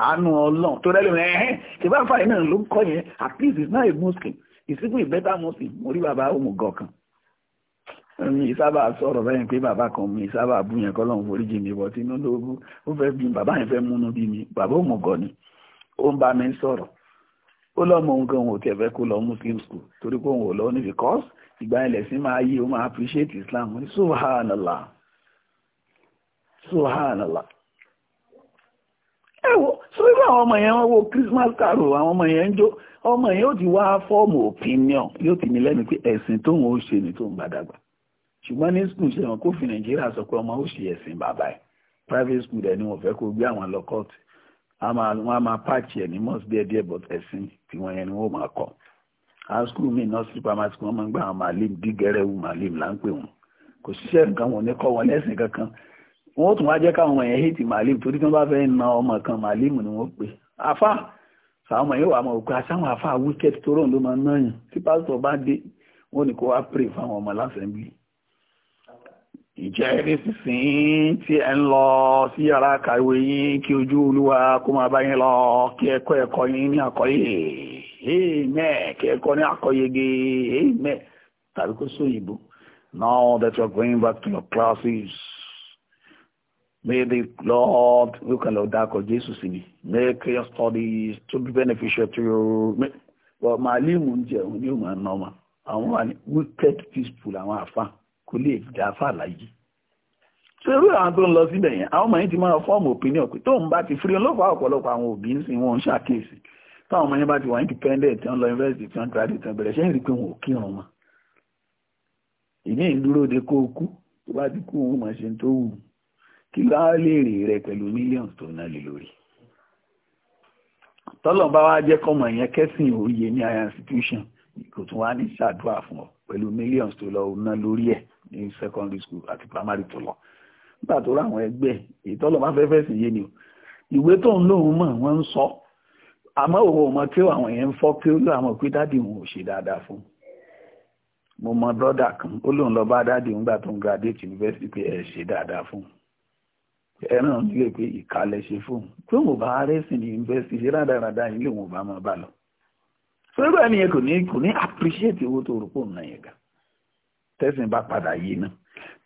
àánú ọlọ́run tó rẹ́lẹ̀ ẹ̀hẹ́n tí bá fàyè náà ló kọ́ yẹn at least it's not a muslim it's even better muslim mo rí bàbá òmùgọ̀ kan mi sábà sọ̀rọ̀ báyìí pé bàbá kan mi sábà bú yẹn kọ́lọ́run forí jì mí bọ̀ tí inú ló bú ó fẹ́ bí bàbá yẹn fẹ́ múnú bí mi bàbá òmùgọ̀ ni ó ń bá mi sọ̀rọ̀ ó lọ́mọ nǹkan òun ò tiẹ̀ fẹ́ kó lọ muslim school torí pé òun ò lọ ní because ìgbà ilẹ̀ sí máa yí ó máa appreciate islam subhanallah subhanallah ẹwọ sórí àwọn ọmọ yẹn wọ́n wo Christmas carol àwọn ọmọ yẹn ń jó ọmọ yẹn ó ti wá fọ́ọ̀mù opinion yóò ti ní lẹ́nu pé ẹ̀sìn tóun ó ṣe ni tóun bá dàgbà ṣùgbọ́n ní school ṣe wọn kó fi Nàìjíríà sọ pé ọmọ ó ṣe ẹ̀sìn bàbá ẹ̀ private school dẹ̀ ni wọ́n fẹ́ kó gbé àwọn lọ court wọ́n á máa pààkì ẹ̀ ní mosque díẹ̀ díẹ̀ but ẹ̀sìn tiwọn yẹn ni wọ́n máa kọ́ high school mi nursery primary school wọ́n máa ń gbà àwọn màálìm dígẹ̀rẹ́wù màálìm láńpẹ́ wọn kò ṣiṣẹ́ nǹkan wọn ní kọ́ wọn lẹ́sìn kankan wọn tún wá jẹ́ káwọn èèyàn hate màálìm torí tí wọ́n bá fẹ́ na ọmọ kan màálìm ni wọ́n pè afá sàwọn ọmọ yóò wà mọ̀ òkú àsáwọn afá wíkẹ́tì tó rọ̀ ló máa ná yàn tí pásítọ̀ bá dé wọ́n ní kó wá pray fáwọn ọmọ lásẹ̀mbì ìjẹ́rí sísìn tí ẹ ń lọ sí yàrá kàwé yín kí ojú olúwa kó máa bá yín lọ kí ẹ kọ́ ẹ̀kọ́ yín ní àkọ́yé amen kí ẹ kọ́ ní àkọ́yege now that you going back to classes. May the Lord, we can that Dako Jesus in me. Make your studies to be beneficial to you. Well, my limb jẹun new man ànọ́mà. Àwọn wà ní wicked peaceful and àfa kò lè dá àfa láyé. Ṣé irú àwọn tó ń lọ síbẹ̀ yẹn? Àwọn ọmọ yẹn ti máa fọ́ọ̀mù opinion pé tóun to ti firi olóòfà ọ̀pọ̀lọpọ̀ àwọn òbí ń sìn wọn ń ṣàkíyèsí. Táwọn ọmọ yẹn bá ti wà independent, tí wọ́n lọ university, tí wọ́n to tí wọ́n bẹ̀rẹ̀ ṣé to rí pé wọn ò kírun wọn. Ìní ìdúró de kó o kú, tó bá ti kú òun mọ̀ ṣe tó wù ú kí ló á léèrè rẹ pẹ̀lú mílíọ̀nù tó ná lè lórí tọ́lọ̀ bá wá jẹ́ kọ́mọ yẹn kẹ́sìn òye ní higher institution kò tún wá ní ṣàdúrà fún ọ pẹ̀lú mílíọ̀nù tó lọ ná lórí ẹ̀ ní secondary school àti primary tó lọ nígbà tó ráwọn ẹgbẹ́ ìtọ́lọ̀ bá fẹ́fẹ́ sì yé ni o ìwé tó ń lóun mọ̀ wọ́n ń sọ àmọ́ òun ò mọ kí àwọn yẹn ń fọ́ kí ó àwọn òpin dádì òun ò ṣe dáadáa fún mo mọ brọ́dà kan ó lóun lọ bá dádì òun gbà tó ń graduate university pé ẹ̀ ṣe dáadáa fún un ẹran mi lè pé ìkàlẹ̀ ṣe fóun pé wọn bá rẹ́sìn ní yunifásitì ṣe rádaràda yìí lọ sọ́dọ̀ ẹni yẹn kò ní kò ní appreciate owó tó bá padà yé náà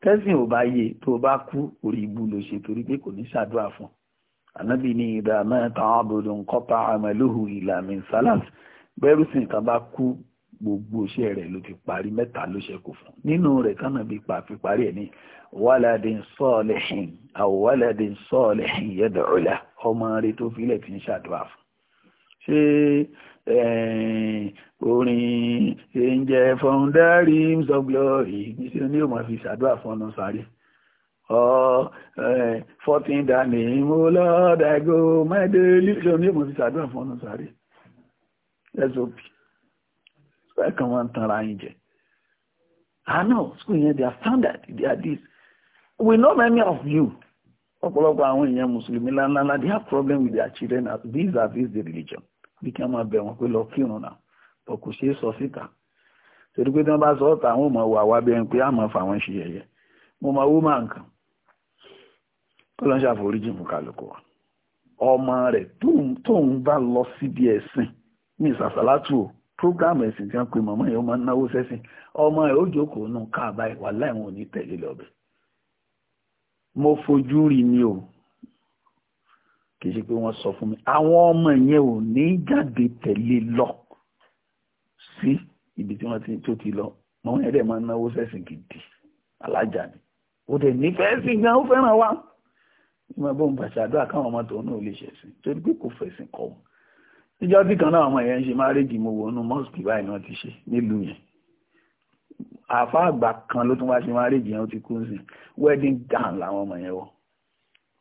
tẹ́sìn ò bá yé tó bá kú orí ibu ló ṣe torí pé kò ní ṣàdúrà fún ní ìdá ààbò ló ń àmàlóhùn ìlànà bẹ́rù gbogbo iṣẹ́ rẹ̀ ló ti parí mẹ́ta ló ṣẹ́kù fún nínú rẹ̀ kánà bí pàfi parí ẹ̀ ní waladin salihin aw waladin salihin yad'u lah ọmọ rẹ̀ tó filẹ̀ ti ń ṣàdúrà fún ṣé eh, orin angel from the rims of glory níṣẹ́ ni yóò máa fi ṣàdúrà fún ọ̀nà sáré eh, fourteen dani mo lọ́ọ́ my mẹ́ẹ̀ẹ́dẹ́lì ṣé ni yóò máa fi ṣàdúrà fún ọ̀nà sáré sop bẹ́ẹ̀ kan wọ́n ń tanra yín jẹ àná school yẹn their standard their this we know many of you they have problem with their children as these are the religion bí a be máa bẹ̀ wọ́n sọ tí wọ́n bá sọ àwọn ò wà wá bẹ́ẹ̀ pé àmọ́ fà wọ́n ṣe yẹ̀yẹ́ mo máa wú máa nǹkan ṣàforíjì fún bá lọ síbi ẹ̀sìn ní program ẹ̀sìn tí wọ́n pe màmá yẹn ó máa ń náwó sẹ́sìn ọmọ ẹ̀ ó jókòó nù káàbá ìwà láìwọn ò ní tẹ̀lé lọ́bẹ̀ mo fojú rí ni o kì í ṣe pé wọ́n sọ fún mi àwọn ọmọ yẹn ò ní jáde tẹ̀lé lọ sí ibi tí wọ́n tó ti lọ màmá yẹn dẹ̀ máa ń náwó sẹ́sìn gidi alájà ni ó dẹ̀ nífẹ̀ẹ́ sí gan ó fẹ́ràn wa ìmọ̀ bó ń bàṣà àdúrà káwọn ọmọ tòun náà lè ṣẹ̀sìn torí pé kò fẹ̀sìn kọ́ wọn níjọ́ tí kan náà àwọn èèyàn ń ṣe márèjì mo wò nú mọ́sùkì báyìí náà ti ṣe nílùú yẹn àfa àgbà kan ló tún wá ṣe márèjì yẹn ó ti kú sí wedding gown làwọn ọmọ yẹn wọ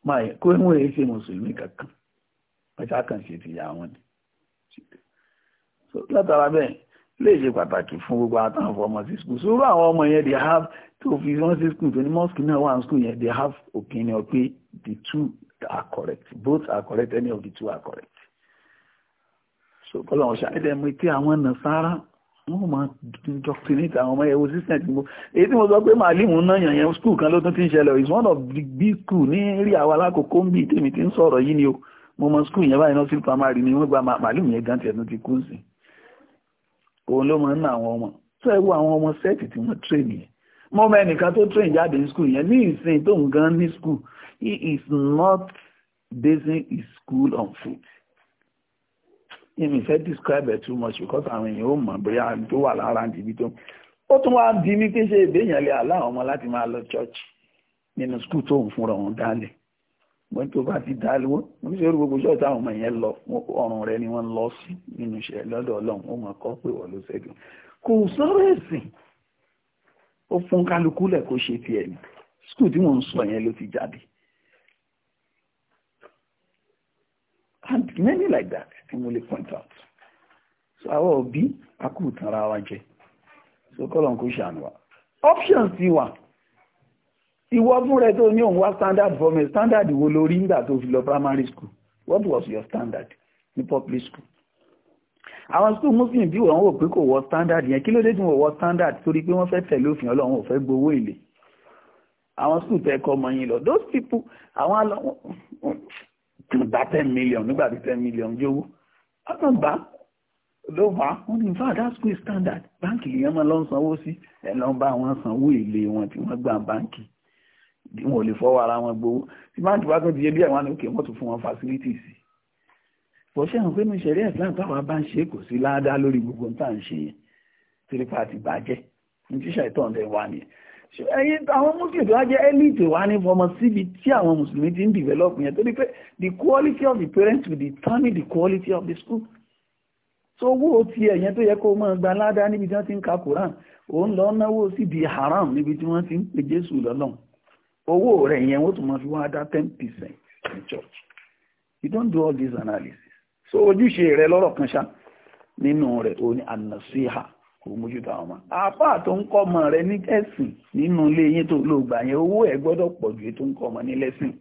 máa yẹn kó wọn èyí ṣe mùsùlùmí kankan ọjà kan ṣe ti yà wọn ni látara bẹ́ẹ̀ lè ṣe pàtàkì fún gbogbo àtàwọn ọmọ sí skul sórú àwọn ọmọ yẹn they have tó fi wọn sí skul tó ní mosque náà wà ní skul yẹn they have opinion pé the two are correct both are correct any of the two are correct so kọ́lọ̀ wọn ṣàìdẹ̀ mú tí àwọn nàṣàrà wọ́n máa indoctrinate àwọn ọmọ ẹ̀wọ̀ system tí mo èyí tí mo sọ pé màálìmù náà yẹn school kan ló tún ti ń ṣẹlẹ̀ is one of the big school ní rí àwọn alákòókò ń bí tèmi ti ń sọ̀rọ̀ yìí ni o mo mọ school yẹn báyìí nọ́ọ̀sì primary ni wọ́n gba màálìmù yẹn gan tiẹ̀ tó ti kú sí òun ló máa ń ná àwọn ọmọ tó ẹ wo àwọn ọmọ sẹ́ẹ̀tì tí wọ́n train yẹn mọ́mọ ẹnìkan tó train jáde ní school yẹn ní ìsìn tóun gan ní school he is not basing his school on faith ìmì fẹ́ describe it too much because àwọn èèyàn ò mọ̀ bóyá tó wà lára níbi tó ó tún wá bí mi pé ṣe ìbéèyàn lè aláwọn ọmọ láti máa lọ church nínú school tó ń fúnra wọn dálẹ̀ mo tó bá ti dálẹ̀ wọ́n mo ní sọ́rọ́ gbogbo ṣọ́ọ̀tì àwọn ọmọ yẹn lọ ọrùn rẹ ni wọ́n lọ sí nínú iṣẹ́ lọ́dọ̀ ọlọ́run ó mọ̀ kọ́ pé wọ́n ló ṣẹ́gun kò sọ̀rọ̀ ẹ̀sìn ó fún kálukú lẹ̀ kó ṣe tiẹ̀ ní school tí mò ń sọ yẹn ló ti jáde many like that tí mo point out so àwọn òbí akúùtàn ara wa jẹ so kọ́lọ̀ kó ṣàánú wa options ti wà ìwọ fún rẹ tó ní òun wá standard form standard wo lórí nígbà tó fi lọ primary school what was your standard ní public school àwọn school muslim bí wọ́n wò pé kò wọ standard yẹn kí ló dé tí wọ́n wọ standard torí pé wọ́n fẹ́ tẹ̀lé òfin ọlọ́run ò fẹ́ gbowó èlé àwọn school tẹ́ kọ́ ọmọ yín lọ those people àwọn kì í bá ten million nígbà tí ten million yówó àtàǹgbà ló wà wọ́n ní fáwọn that's good standard báǹkì yẹn máa lọ sanwó sí ẹ̀ lọ́n bá wọn sanwó èlé wọn tí wọ́n gbà báǹkì wọn ò lè fọwọ́ ara wọn gbowó tí báǹkì bá tún ti yé bí àwọn àlòkè wọ́n tún fún wọn facilities bó ṣe hàn pé ní ìṣẹ̀lẹ̀ islam táwa bá ń ṣe kò sí ládàá lórí gbogbo tá à ń ṣe yẹn tírípà ti bàjẹ́ ní tíṣà ìtọ́ǹdẹ̀ wà nìyẹn ẹ̀yin àwọn muslims wá jẹ́ elite wá ní fọmọ síbi tí àwọn mùsùlùmí ti ń develop yẹn torí pé the quality of the parents will determine the quality of the school so owó ti ẹ̀yẹn tó yẹ kó máa gba ládá níbi tí wọ́n ti ń ka Quran òun lọ náwó sí di haram níbi tí wọ́n ti ń pe Jésù lọ́lọ́run owó rẹ̀ yẹn wọ́n tún máa fi wá dá ten percent in church you don't do all this analysis so ojúṣe rẹ lọ́rọ̀ kan ṣá nínú rẹ̀ òun ni anasiha kò mójútó àwọn ọmọ àáfà tó ń kọ́ ọmọ rẹ ní ẹ̀sìn nínú ilé yín tó lò gbà yẹn owó ẹ̀ gbọ́dọ̀ pọ̀ ju tó ń kọ́ ọmọ ní lẹ́sìn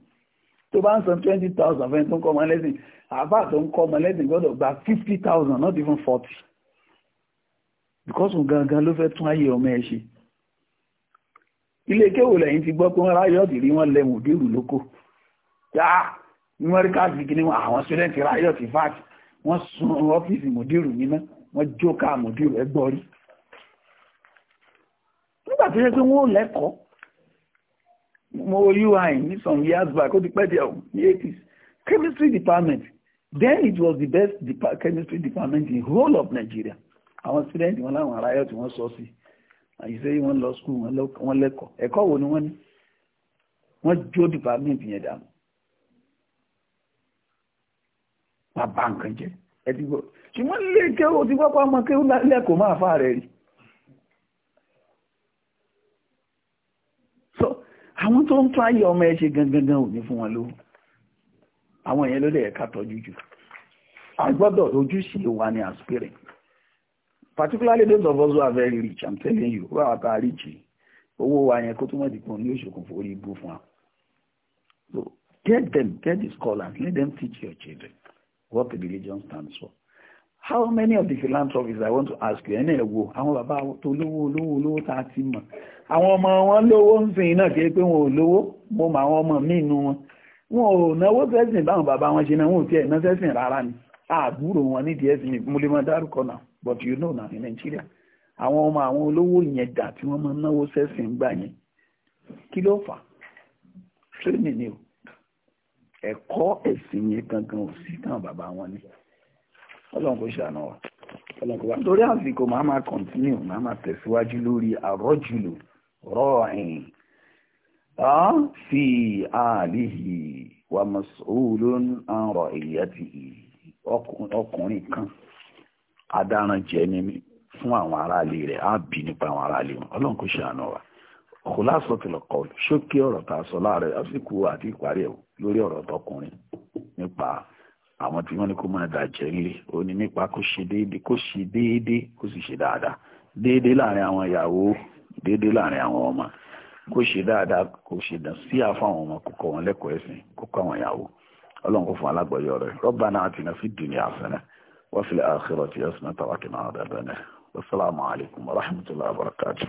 tó bá ń san twenty thousand fẹ́ni tó ń kọ́ ọmọ lẹ́sìn àáfà tó ń kọ́ ọmọ lẹ́sìn gbọ́dọ̀ gba fifty thousand not even forty because gangan ló fẹ́ tún ayé ọmọ ẹ ṣe ilé kéwò lẹ́yìn ti gbọ́ pé wọ́n ráyọ̀tì rí wọ́n lẹ́wọ̀n òdèrú lóko yá numerical degree wọn àwọn student ráyọ̀tì fat wọ́n sun ọ́fíìsì mòdìrú níná wọ́n jókà mòdìrú ẹgbọ́ nígbà tó yẹ pé wọ́n lẹ́kọ̀ọ́ mo UI ní some years back ó ti pẹ́ díẹ̀ ní 80s chemistry department then it was the best chemistry department in whole of Nigeria àwọn student wọn láwọn aráyọ tí wọ́n sọ sí àyíṣẹ́ wọn lọ school wọn lẹ́kọ̀ọ́ ẹ̀kọ́ wo ni wọ́n ní wọ́n jó department yẹn dànù bàbá nǹkan jẹ́ ẹ̀dìgbò ṣùgbọ́n lè kéwò tí pápá ọmọ kéwò lẹ́kọ̀ọ́ máa fà rẹ̀ rí àwọn tó ń tún ayé ọmọ ẹ ṣe gangan ò ní fún wọn lówó àwọn èèyàn ló lè ká tọ́jú jù àgbọ́dọ̀ ojúṣe wa ni as parents particularly those of us who are very rich i'm telling you wọ́n àwọn tá rich owó wa yẹn kó tó mọ̀ dìpọ̀ ní òṣòkùnfò orí ibú fún wa so get them get the scholars let them teach your children what the religion stands for how many of the philanthropists i want to ask you ẹni ẹ̀wò àwọn bàbá tó lówó olówó olówó tá a ti mọ̀ àwọn ọmọ wọn lówó ń sìn náà kí pé wọn ò lówó mo mọ àwọn ọmọ míì nu wọn wọn ò náwó sẹ́sìn báwọn bàbá wọn ṣe náà wọn ò tiẹ̀ ná sẹ́sìn rárá ni àbúrò wọn nídìí ẹ̀sìn mo lè mọ dárúkọ náà but you know now in Nigeria àwọn ọmọ àwọn olówó yẹn dà tí wọ́n máa náwó sẹ́sìn gbà yẹn kí ló fà training ni o ẹ̀kọ́ ẹ̀sìn yẹn gangan ò sí táwọn bàbá wọn ni ọlọ́run kò ṣàánú wa ọlọ́run kò wá lórí àsìkò máa máa continue máa máa tẹ̀síwájú lórí àrọ́jùlù rọ́ọ̀hìn fi àlìhì wà mọ̀sọ́ọ̀lọ́n àrọ̀ ìyàtì ọkùnrin kan adáran jẹ ni fún àwọn aráalé rẹ̀ á bì nípa àwọn aráalé wọn ọlọ́run kò ṣàánú wa kòlásọ̀tìlọ̀ kọlù ṣókí ọ̀rọ̀ tá a sọ láàrẹ̀ àsìkò àti ìparí ẹ̀ lórí ọ̀rọ̀ tọkùnrin nípa àwọn tí wọ́n ní kó máa dàjẹ́ rere ó ní nípa kó ṣe déédéé kó ṣe déédéé kó sì ṣe dáadáa déédéé láàrin àwọn ìyàwó déédéé láàrin àwọn ọmọ kó ṣe dáadáa kó ṣe dàn sí àfáwọn ọmọ kó kọ́ wọn lẹ́kọ̀ọ́ ẹ̀sìn kó kọ́ àwọn ìyàwó ọlọ́run kó fún alágbọ̀yọ rẹ̀ Rabbana atina fid dunya hasanah wa fil akhirati hasanah wa qina adhaban nar wasalaamu alaykum wa rahmatullahi wa barakatuh.